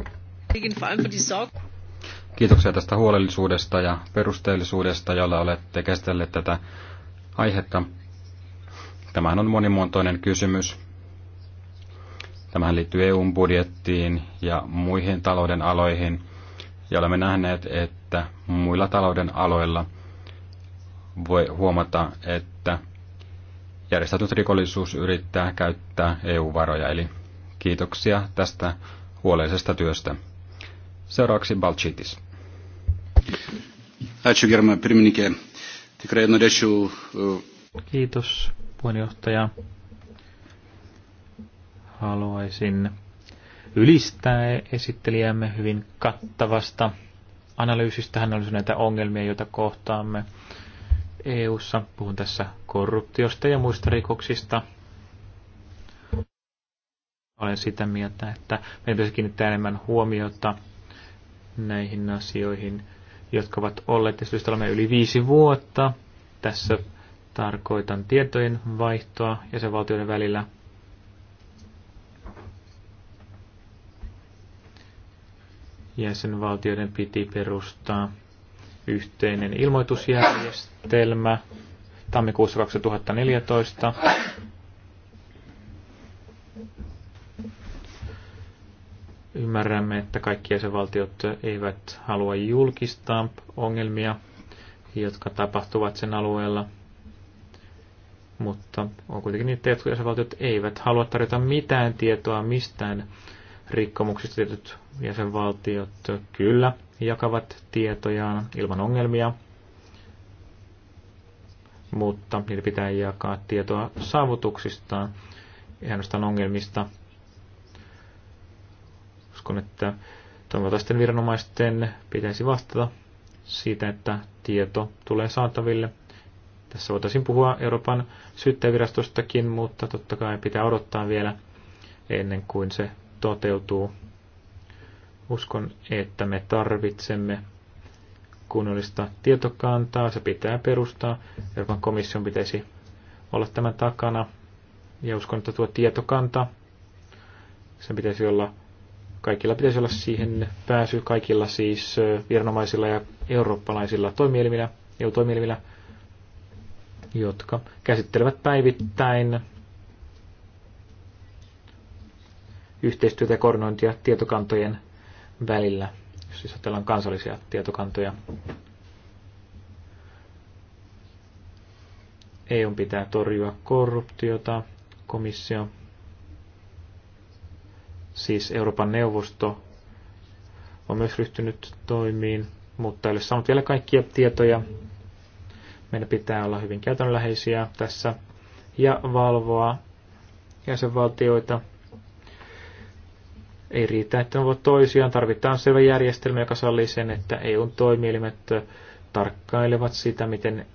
Kiitoksia tästä huolellisuudesta ja perusteellisuudesta, jolla olette kestelleet tätä aihetta. Tämähän on monimuotoinen kysymys. Tämähän liittyy EUn budjettiin ja muihin talouden aloihin, ja olemme nähneet, että että muilla talouden aloilla voi huomata, että järjestäytynyt rikollisuus yrittää käyttää EU-varoja. Eli kiitoksia tästä huolellisesta työstä. Seuraavaksi Balchitis. E, Kiitos, puheenjohtaja. Haluaisin ylistää esittelijämme hyvin kattavasta analyysistä, hän analysoi näitä ongelmia, joita kohtaamme EU-ssa. Puhun tässä korruptiosta ja muista rikoksista. Olen sitä mieltä, että meidän pitäisi kiinnittää enemmän huomiota näihin asioihin, jotka ovat olleet tietysti olemme yli viisi vuotta. Tässä tarkoitan tietojen vaihtoa ja valtioiden välillä – jäsenvaltioiden piti perustaa yhteinen ilmoitusjärjestelmä tammikuussa 2014. Ymmärrämme, että kaikki jäsenvaltiot eivät halua julkistaa ongelmia, jotka tapahtuvat sen alueella, mutta on kuitenkin niitä, jotka jäsenvaltiot eivät halua tarjota mitään tietoa mistään rikkomuksista tietyt jäsenvaltiot kyllä jakavat tietojaan ilman ongelmia, mutta niiden pitää jakaa tietoa saavutuksistaan, ei ainoastaan ongelmista. Uskon, että toimivaltaisten viranomaisten pitäisi vastata siitä, että tieto tulee saataville. Tässä voitaisiin puhua Euroopan syyttäjävirastostakin, mutta totta kai pitää odottaa vielä ennen kuin se toteutuu. Uskon, että me tarvitsemme kunnollista tietokantaa, se pitää perustaa. Euroopan komission pitäisi olla tämän takana. Ja uskon, että tuo tietokanta, sen pitäisi olla, kaikilla pitäisi olla siihen pääsy, kaikilla siis viranomaisilla ja eurooppalaisilla toimielimillä, EU-toimielimillä, jotka käsittelevät päivittäin yhteistyötä ja koordinointia tietokantojen välillä, jos siis ajatellaan kansallisia tietokantoja. EU pitää torjua korruptiota, komissio, siis Euroopan neuvosto on myös ryhtynyt toimiin, mutta ei ole saanut vielä kaikkia tietoja. Meidän pitää olla hyvin käytännönläheisiä tässä ja valvoa jäsenvaltioita ei riitä, että ne ovat toisiaan. Tarvitaan selvä järjestelmä, joka sallii sen, että EUn toimielimet tarkkailevat sitä, miten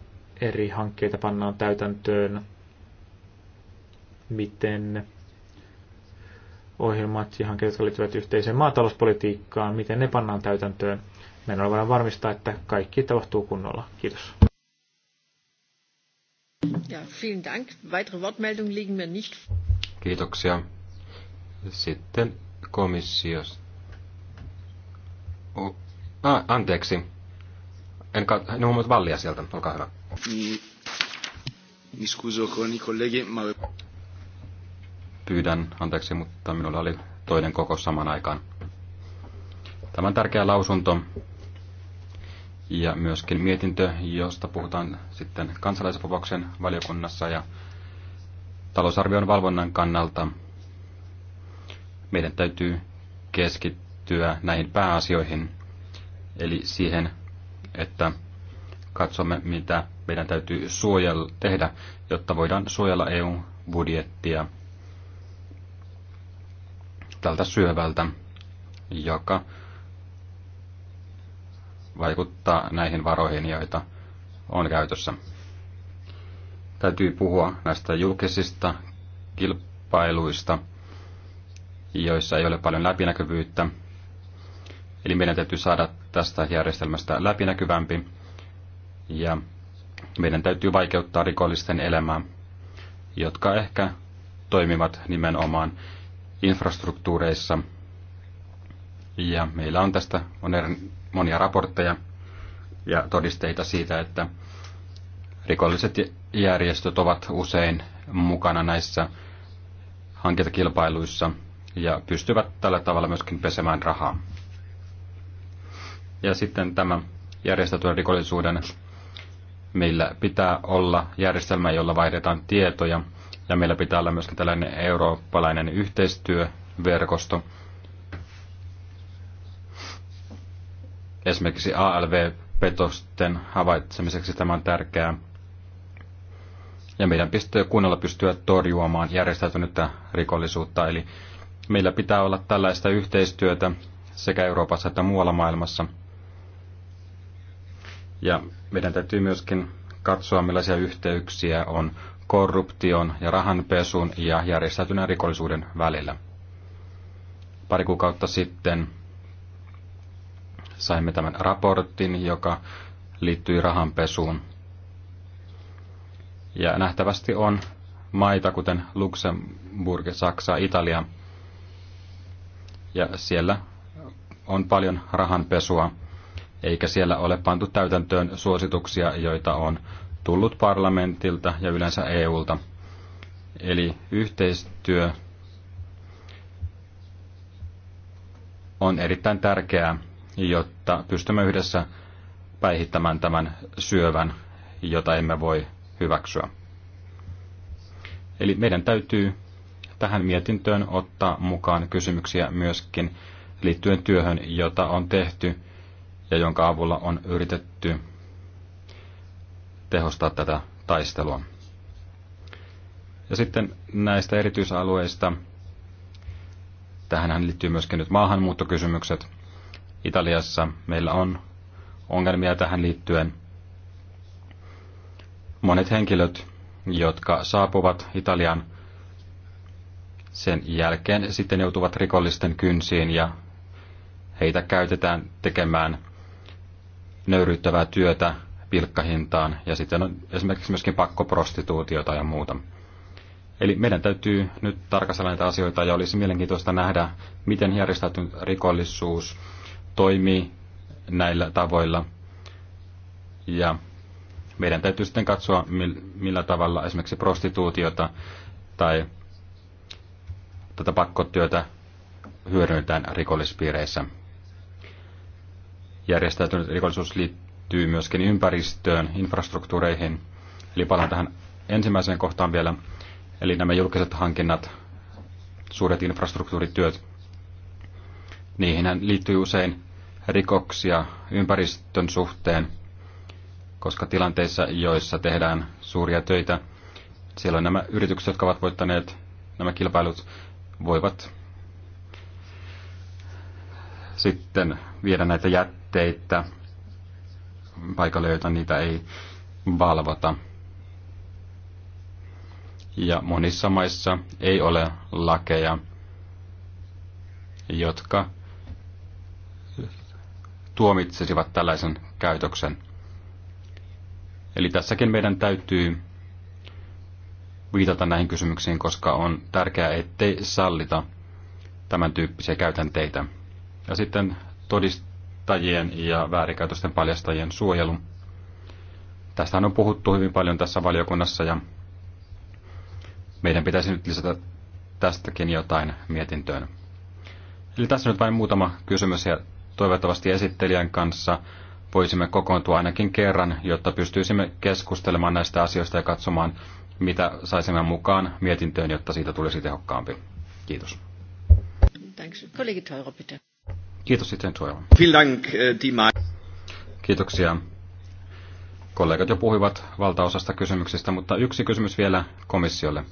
eri hankkeita pannaan täytäntöön, miten ohjelmat ja hankkeet, jotka liittyvät yhteiseen maatalouspolitiikkaan, miten ne pannaan täytäntöön. Meidän on voidaan varmistaa, että kaikki tapahtuu kunnolla. Kiitos. Ja, vielen Dank. Weitere Wortmeldungen liegen mir nicht. Kiitoksia. Sitten komissiosta. Oh, ah, anteeksi. En kat... No, mutta vallia sieltä, olkaa hyvä. Mi scuso con i colleghi, ma... Pyydän anteeksi, mutta minulla oli toinen koko saman aikaan. Tämä on tärkeä lausunto ja myöskin mietintö, josta puhutaan sitten kansalaisvapauksen valiokunnassa ja talousarvion valvonnan kannalta meidän täytyy keskittyä näihin pääasioihin, eli siihen, että katsomme, mitä meidän täytyy suojella, tehdä, jotta voidaan suojella EU-budjettia tältä syövältä, joka vaikuttaa näihin varoihin, joita on käytössä. Täytyy puhua näistä julkisista kilpailuista – joissa ei ole paljon läpinäkyvyyttä. Eli meidän täytyy saada tästä järjestelmästä läpinäkyvämpi ja meidän täytyy vaikeuttaa rikollisten elämää, jotka ehkä toimivat nimenomaan infrastruktuureissa. Ja meillä on tästä monia raportteja ja todisteita siitä, että rikolliset järjestöt ovat usein mukana näissä hankintakilpailuissa – ja pystyvät tällä tavalla myöskin pesemään rahaa. Ja sitten tämä järjestetyn rikollisuuden meillä pitää olla järjestelmä, jolla vaihdetaan tietoja, ja meillä pitää olla myöskin tällainen eurooppalainen yhteistyöverkosto. Esimerkiksi ALV-petosten havaitsemiseksi tämä on tärkeää. Ja meidän pitää kunnolla pystyä torjuamaan järjestäytynyttä rikollisuutta, eli Meillä pitää olla tällaista yhteistyötä sekä Euroopassa että muualla maailmassa. Ja meidän täytyy myöskin katsoa, millaisia yhteyksiä on korruption ja rahanpesun ja järjestäytyneen rikollisuuden välillä. Pari kuukautta sitten saimme tämän raportin, joka liittyy rahanpesuun. Ja nähtävästi on maita, kuten Luxemburg, Saksa, Italia, ja siellä on paljon rahanpesua, eikä siellä ole pantu täytäntöön suosituksia, joita on tullut parlamentilta ja yleensä EUlta. Eli yhteistyö on erittäin tärkeää, jotta pystymme yhdessä päihittämään tämän syövän, jota emme voi hyväksyä. Eli meidän täytyy tähän mietintöön ottaa mukaan kysymyksiä myöskin liittyen työhön, jota on tehty ja jonka avulla on yritetty tehostaa tätä taistelua. Ja sitten näistä erityisalueista. Tähän liittyy myöskin nyt maahanmuuttokysymykset. Italiassa meillä on ongelmia tähän liittyen. Monet henkilöt, jotka saapuvat Italian, sen jälkeen sitten joutuvat rikollisten kynsiin ja heitä käytetään tekemään nöyryyttävää työtä pilkkahintaan ja sitten on esimerkiksi myöskin pakkoprostituutiota ja muuta. Eli meidän täytyy nyt tarkastella näitä asioita ja olisi mielenkiintoista nähdä, miten järjestäytynyt rikollisuus toimii näillä tavoilla. Ja meidän täytyy sitten katsoa, millä tavalla esimerkiksi prostituutiota tai tätä pakkotyötä hyödynnetään rikollispiireissä. Järjestäytynyt rikollisuus liittyy myöskin ympäristöön, infrastruktuureihin. Eli palaan tähän ensimmäiseen kohtaan vielä. Eli nämä julkiset hankinnat, suuret infrastruktuurityöt, niihin liittyy usein rikoksia ympäristön suhteen, koska tilanteissa, joissa tehdään suuria töitä, siellä on nämä yritykset, jotka ovat voittaneet nämä kilpailut, voivat sitten viedä näitä jätteitä paikalle, joita niitä ei valvota. Ja monissa maissa ei ole lakeja, jotka tuomitsisivat tällaisen käytöksen. Eli tässäkin meidän täytyy viitata näihin kysymyksiin, koska on tärkeää, ettei sallita tämän tyyppisiä käytänteitä. Ja sitten todistajien ja väärinkäytösten paljastajien suojelu. Tästä on puhuttu hyvin paljon tässä valiokunnassa ja meidän pitäisi nyt lisätä tästäkin jotain mietintöön. Eli tässä nyt vain muutama kysymys ja toivottavasti esittelijän kanssa voisimme kokoontua ainakin kerran, jotta pystyisimme keskustelemaan näistä asioista ja katsomaan, mitä saisimme mukaan mietintöön, jotta siitä tulisi tehokkaampi. Kiitos. Kiitos sitten Toivo. Äh, Kiitoksia. Kollegat jo puhuivat valtaosasta kysymyksistä, mutta yksi kysymys vielä komissiolle.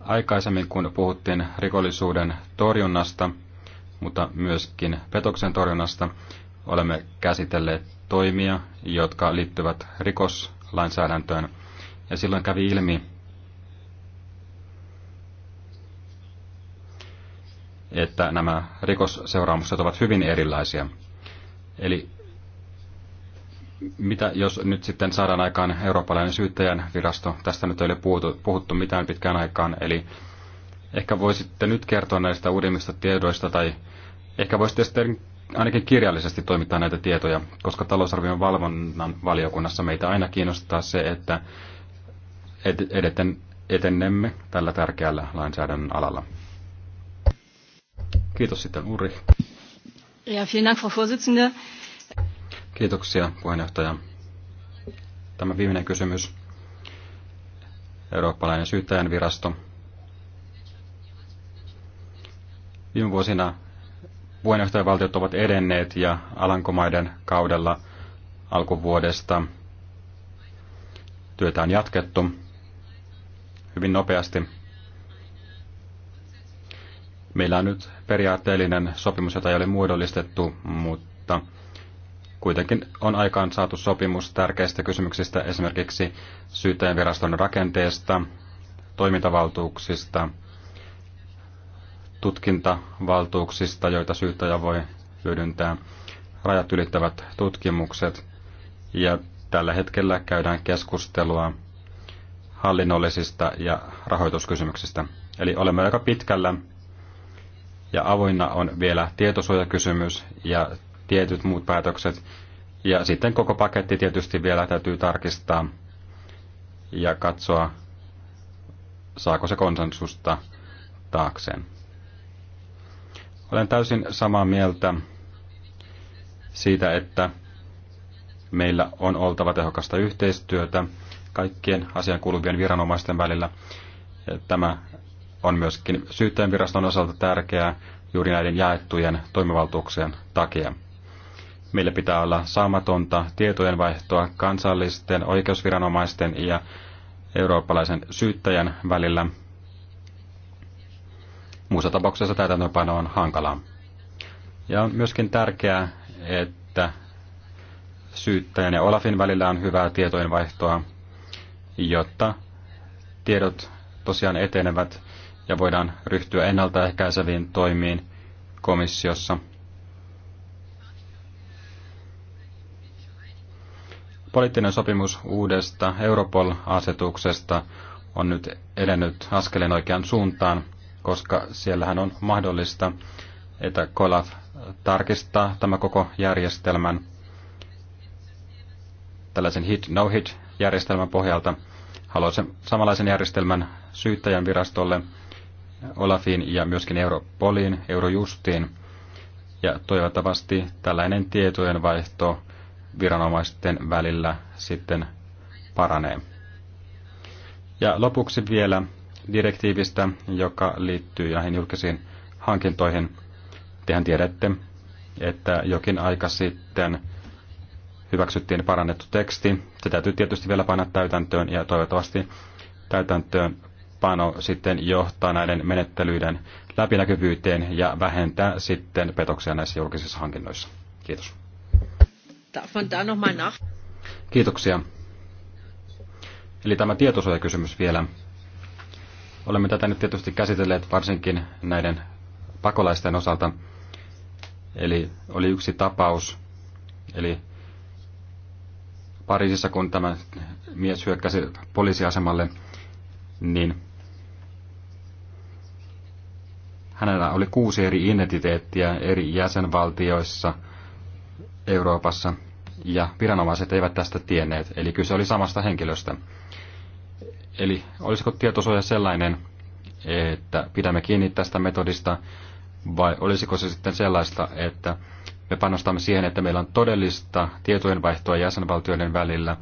Aikaisemmin kun puhuttiin rikollisuuden torjunnasta, mutta myöskin petoksen torjunnasta, olemme käsitelleet toimia, jotka liittyvät rikoslainsäädäntöön – ja silloin kävi ilmi, että nämä rikosseuraamukset ovat hyvin erilaisia. Eli mitä jos nyt sitten saadaan aikaan eurooppalainen syyttäjän virasto, tästä nyt ei ole puhuttu, puhuttu mitään pitkään aikaan, eli ehkä voisitte nyt kertoa näistä uudimmista tiedoista, tai ehkä voisitte sitten ainakin kirjallisesti toimittaa näitä tietoja, koska talousarvion valvonnan valiokunnassa meitä aina kiinnostaa se, että edeten, etenemme tällä tärkeällä lainsäädännön alalla. Kiitos sitten Uri. Ja, vielen Dank, Frau Vorsitzende. Kiitoksia puheenjohtaja. Tämä viimeinen kysymys. Eurooppalainen syyttäjän virasto. Viime vuosina puheenjohtajavaltiot ovat edenneet ja Alankomaiden kaudella alkuvuodesta työtä on jatkettu hyvin nopeasti. Meillä on nyt periaatteellinen sopimus, jota ei ole muodollistettu, mutta kuitenkin on aikaan saatu sopimus tärkeistä kysymyksistä, esimerkiksi syyttäjänviraston rakenteesta, toimintavaltuuksista, tutkintavaltuuksista, joita syyttäjä voi hyödyntää, rajat ylittävät tutkimukset ja tällä hetkellä käydään keskustelua hallinnollisista ja rahoituskysymyksistä. Eli olemme aika pitkällä ja avoinna on vielä tietosuojakysymys ja tietyt muut päätökset. Ja sitten koko paketti tietysti vielä täytyy tarkistaa ja katsoa, saako se konsensusta taakseen. Olen täysin samaa mieltä siitä, että meillä on oltava tehokasta yhteistyötä kaikkien asian kuuluvien viranomaisten välillä. Tämä on myöskin syyttäjänviraston osalta tärkeää juuri näiden jaettujen toimivaltuuksien takia. Meillä pitää olla saamatonta tietojenvaihtoa kansallisten oikeusviranomaisten ja eurooppalaisen syyttäjän välillä. Muussa tapauksessa täytäntöönpano on hankalaa. Ja on myöskin tärkeää, että syyttäjän ja Olafin välillä on hyvää tietojenvaihtoa jotta tiedot tosiaan etenevät ja voidaan ryhtyä ennaltaehkäiseviin toimiin komissiossa. Poliittinen sopimus uudesta Europol-asetuksesta on nyt edennyt askeleen oikeaan suuntaan, koska siellähän on mahdollista, että COLAF tarkistaa tämä koko järjestelmän tällaisen hit-no-hit no järjestelmän pohjalta. Haluaisin samanlaisen järjestelmän syyttäjän virastolle, Olafiin ja myöskin Europoliin, Eurojustiin. Ja toivottavasti tällainen tietojen vaihto viranomaisten välillä sitten paranee. Ja lopuksi vielä direktiivistä, joka liittyy näihin julkisiin hankintoihin. Tehän tiedätte, että jokin aika sitten hyväksyttiin parannettu teksti, se täytyy tietysti vielä panna täytäntöön ja toivottavasti täytäntöön pano sitten johtaa näiden menettelyiden läpinäkyvyyteen ja vähentää sitten petoksia näissä julkisissa hankinnoissa. Kiitos. Kiitoksia. Eli tämä tietosuojakysymys vielä. Olemme tätä nyt tietysti käsitelleet varsinkin näiden pakolaisten osalta. Eli oli yksi tapaus, eli Pariisissa, kun tämä mies hyökkäsi poliisiasemalle, niin hänellä oli kuusi eri identiteettiä eri jäsenvaltioissa Euroopassa, ja viranomaiset eivät tästä tienneet, eli kyse oli samasta henkilöstä. Eli olisiko tietosuoja sellainen, että pidämme kiinni tästä metodista, vai olisiko se sitten sellaista, että me panostamme siihen, että meillä on todellista tietojenvaihtoa jäsenvaltioiden välillä.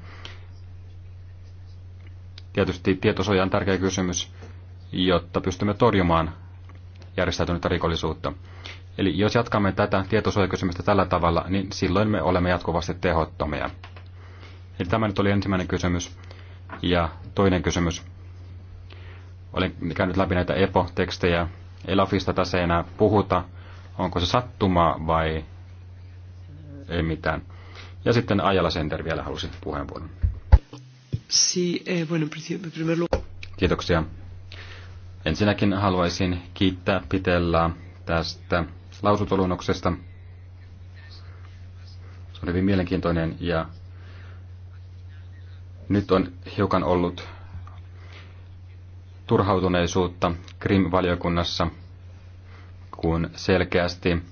Tietysti tietosuoja on tärkeä kysymys, jotta pystymme torjumaan järjestäytynyttä rikollisuutta. Eli jos jatkamme tätä tietosuojakysymystä tällä tavalla, niin silloin me olemme jatkuvasti tehottomia. Eli tämä nyt oli ensimmäinen kysymys. Ja toinen kysymys. Olen käynyt läpi näitä EPO-tekstejä. Elafista tässä ei enää puhuta. Onko se sattumaa vai ei mitään. Ja sitten Ajala Center vielä halusi puheenvuoron. Eh, Kiitoksia. Ensinnäkin haluaisin kiittää Pitellaa tästä lausutolunoksesta. Se on hyvin mielenkiintoinen ja nyt on hiukan ollut turhautuneisuutta Krim-valiokunnassa, kun selkeästi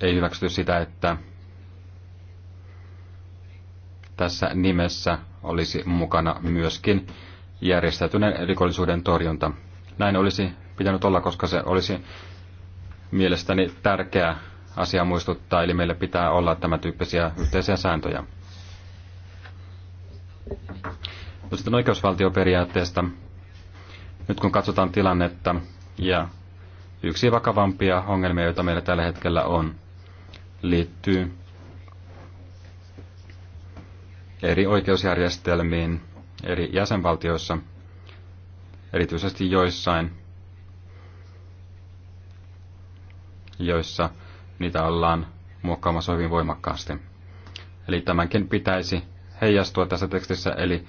ei hyväksytty sitä, että tässä nimessä olisi mukana myöskin järjestäytyneen rikollisuuden torjunta. Näin olisi pitänyt olla, koska se olisi mielestäni tärkeä asia muistuttaa, eli meillä pitää olla tämä tyyppisiä yhteisiä sääntöjä. No sitten oikeusvaltioperiaatteesta. Nyt kun katsotaan tilannetta ja yksi vakavampia ongelmia, joita meillä tällä hetkellä on, liittyy eri oikeusjärjestelmiin eri jäsenvaltioissa, erityisesti joissain, joissa niitä ollaan muokkaamassa hyvin voimakkaasti. Eli tämänkin pitäisi heijastua tässä tekstissä, eli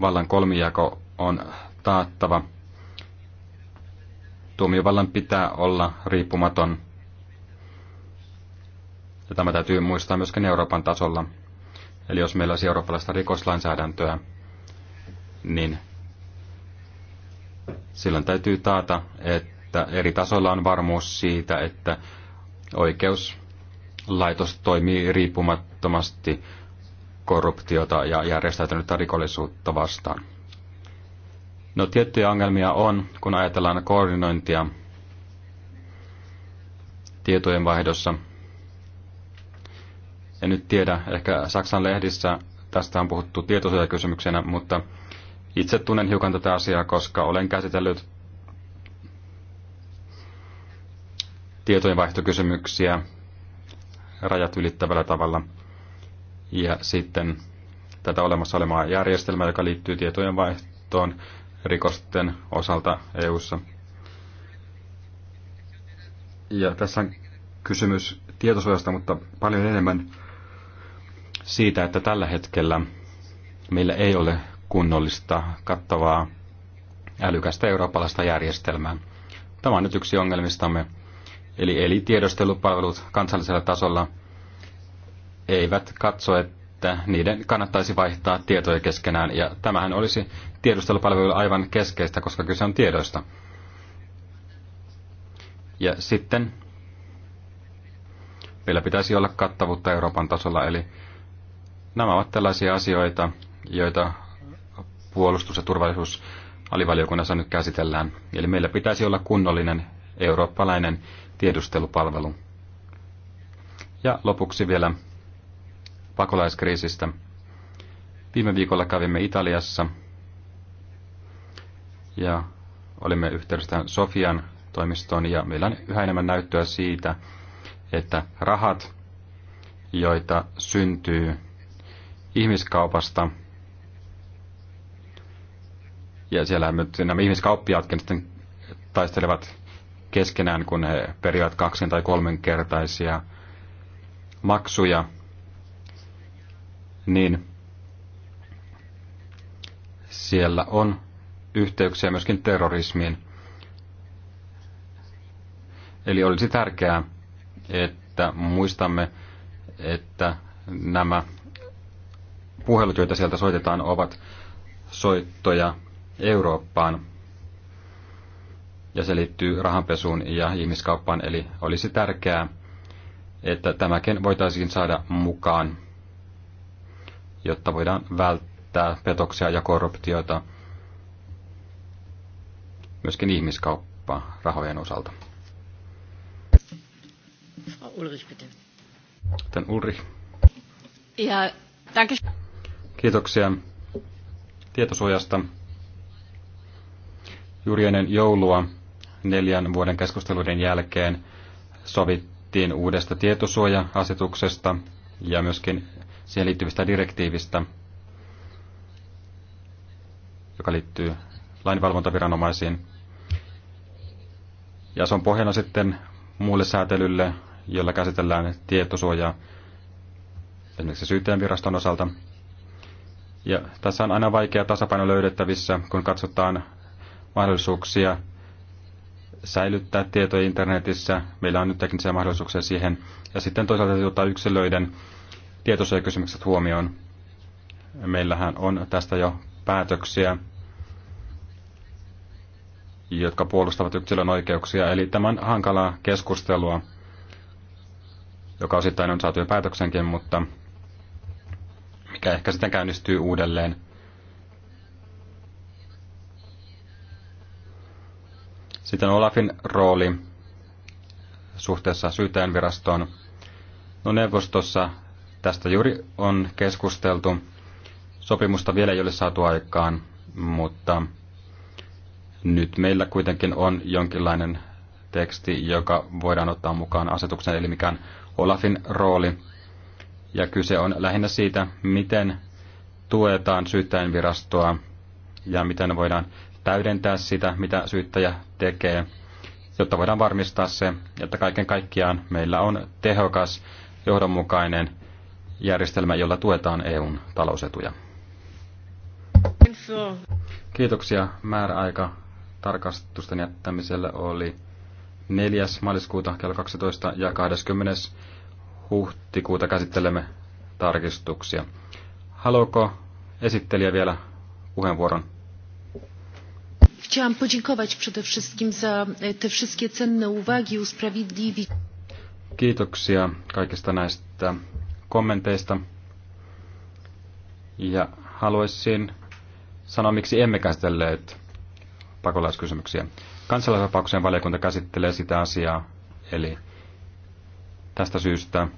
vallan kolmijako on taattava. Tuomiovallan pitää olla riippumaton ja tämä täytyy muistaa myöskin Euroopan tasolla. Eli jos meillä olisi eurooppalaista rikoslainsäädäntöä, niin silloin täytyy taata, että eri tasoilla on varmuus siitä, että oikeuslaitos toimii riippumattomasti korruptiota ja järjestäytynyttä rikollisuutta vastaan. No tiettyjä ongelmia on, kun ajatellaan koordinointia tietojen vaihdossa – en nyt tiedä, ehkä Saksan lehdissä tästä on puhuttu tietosuojakysymyksenä, mutta itse tunnen hiukan tätä asiaa, koska olen käsitellyt tietojenvaihtokysymyksiä rajat ylittävällä tavalla. Ja sitten tätä olemassa olemaa järjestelmää, joka liittyy tietojen vaihtoon rikosten osalta EU:ssa. Ja tässä on kysymys tietosuojasta, mutta paljon enemmän siitä, että tällä hetkellä meillä ei ole kunnollista, kattavaa, älykästä eurooppalaista järjestelmää. Tämä on nyt yksi ongelmistamme. Eli, eli tiedostelupalvelut kansallisella tasolla eivät katso, että niiden kannattaisi vaihtaa tietoja keskenään. Ja tämähän olisi tiedustelupalveluilla aivan keskeistä, koska kyse on tiedoista. Ja sitten meillä pitäisi olla kattavuutta Euroopan tasolla, eli Nämä ovat tällaisia asioita, joita puolustus- ja turvallisuus alivaliokunnassa nyt käsitellään. Eli meillä pitäisi olla kunnollinen eurooppalainen tiedustelupalvelu. Ja lopuksi vielä pakolaiskriisistä. Viime viikolla kävimme Italiassa ja olimme yhteydessä Sofian toimistoon ja meillä on yhä enemmän näyttöä siitä, että rahat, joita syntyy ihmiskaupasta. Ja siellä nyt nämä ihmiskauppiaatkin sitten taistelevat keskenään, kun he perivät kaksin tai kolmenkertaisia maksuja. Niin siellä on yhteyksiä myöskin terrorismiin. Eli olisi tärkeää, että muistamme, että nämä puhelut, joita sieltä soitetaan, ovat soittoja Eurooppaan. Ja se liittyy rahanpesuun ja ihmiskauppaan, eli olisi tärkeää, että tämäkin voitaisiin saada mukaan, jotta voidaan välttää petoksia ja korruptiota, myöskin ihmiskauppaa rahojen osalta. Frau Ulrich, bitte. Dann Ulrich. Ja, danke. Kiitoksia tietosuojasta. Juuri ennen joulua neljän vuoden keskusteluiden jälkeen sovittiin uudesta tietosuoja-asetuksesta ja myöskin siihen liittyvistä direktiivistä, joka liittyy lainvalvontaviranomaisiin. Ja se on pohjana sitten muulle säätelylle, jolla käsitellään tietosuojaa esimerkiksi syyttäjän osalta – ja tässä on aina vaikea tasapaino löydettävissä, kun katsotaan mahdollisuuksia säilyttää tietoja internetissä. Meillä on nyt teknisiä mahdollisuuksia siihen. Ja sitten toisaalta ottaa yksilöiden tietosuojakysymykset huomioon. Meillähän on tästä jo päätöksiä, jotka puolustavat yksilön oikeuksia. Eli tämän hankalaa keskustelua, joka osittain on saatu jo päätöksenkin, mutta mikä ehkä sitten käynnistyy uudelleen. Sitten Olafin rooli suhteessa syyttäjänvirastoon. No neuvostossa tästä juuri on keskusteltu. Sopimusta vielä ei ole saatu aikaan, mutta nyt meillä kuitenkin on jonkinlainen teksti, joka voidaan ottaa mukaan asetuksen, eli mikään Olafin rooli ja kyse on lähinnä siitä, miten tuetaan syyttäjänvirastoa ja miten voidaan täydentää sitä, mitä syyttäjä tekee, jotta voidaan varmistaa se, että kaiken kaikkiaan meillä on tehokas, johdonmukainen järjestelmä, jolla tuetaan EUn talousetuja. Kiitoksia. Määräaika tarkastusten jättämiselle oli 4. maaliskuuta kello 12 ja 20 huhtikuuta käsittelemme tarkistuksia. Haluaako esittelijä vielä puheenvuoron? Chciałam podziękować przede wszystkim za e, te wszystkie cenne uwagi usprawiedliwi. Kiitoksia kaikista näistä kommenteista. Ja haluaisin sanoa, miksi emme käsitelleet pakolaiskysymyksiä. Kansalaisvapauksien valiokunta käsittelee sitä asiaa, eli Tästä syystä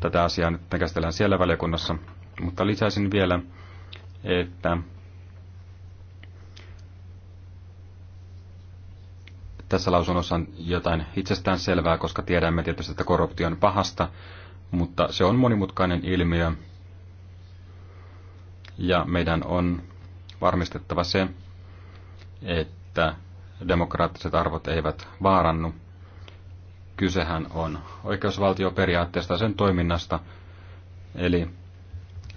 tätä asiaa nyt käsitellään siellä valiokunnassa, mutta lisäisin vielä, että tässä lausunnossa on jotain itsestään selvää, koska tiedämme tietysti, että korruptio on pahasta, mutta se on monimutkainen ilmiö. Ja meidän on varmistettava se, että demokraattiset arvot eivät vaarannu kysehän on oikeusvaltioperiaatteesta sen toiminnasta. Eli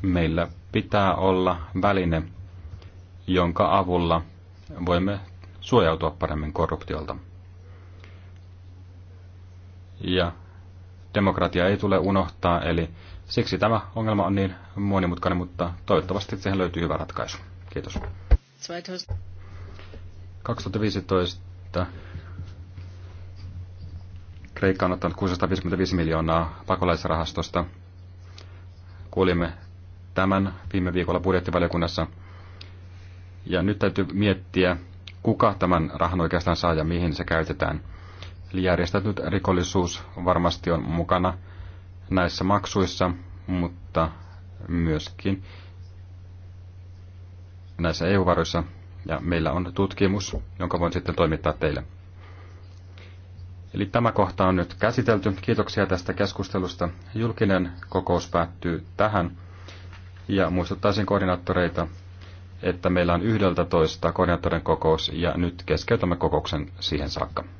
meillä pitää olla väline, jonka avulla voimme suojautua paremmin korruptiolta. Ja demokratia ei tule unohtaa, eli siksi tämä ongelma on niin monimutkainen, mutta toivottavasti siihen löytyy hyvä ratkaisu. Kiitos. 2015 Kreikka on ottanut 655 miljoonaa pakolaisrahastosta. Kuulimme tämän viime viikolla budjettivaliokunnassa. Ja nyt täytyy miettiä, kuka tämän rahan oikeastaan saa ja mihin se käytetään. Eli järjestetyt rikollisuus varmasti on mukana näissä maksuissa, mutta myöskin näissä EU-varoissa. Ja meillä on tutkimus, jonka voin sitten toimittaa teille. Eli tämä kohta on nyt käsitelty. Kiitoksia tästä keskustelusta. Julkinen kokous päättyy tähän. Ja muistuttaisin koordinaattoreita, että meillä on 11 koordinaattorin kokous ja nyt keskeytämme kokouksen siihen saakka.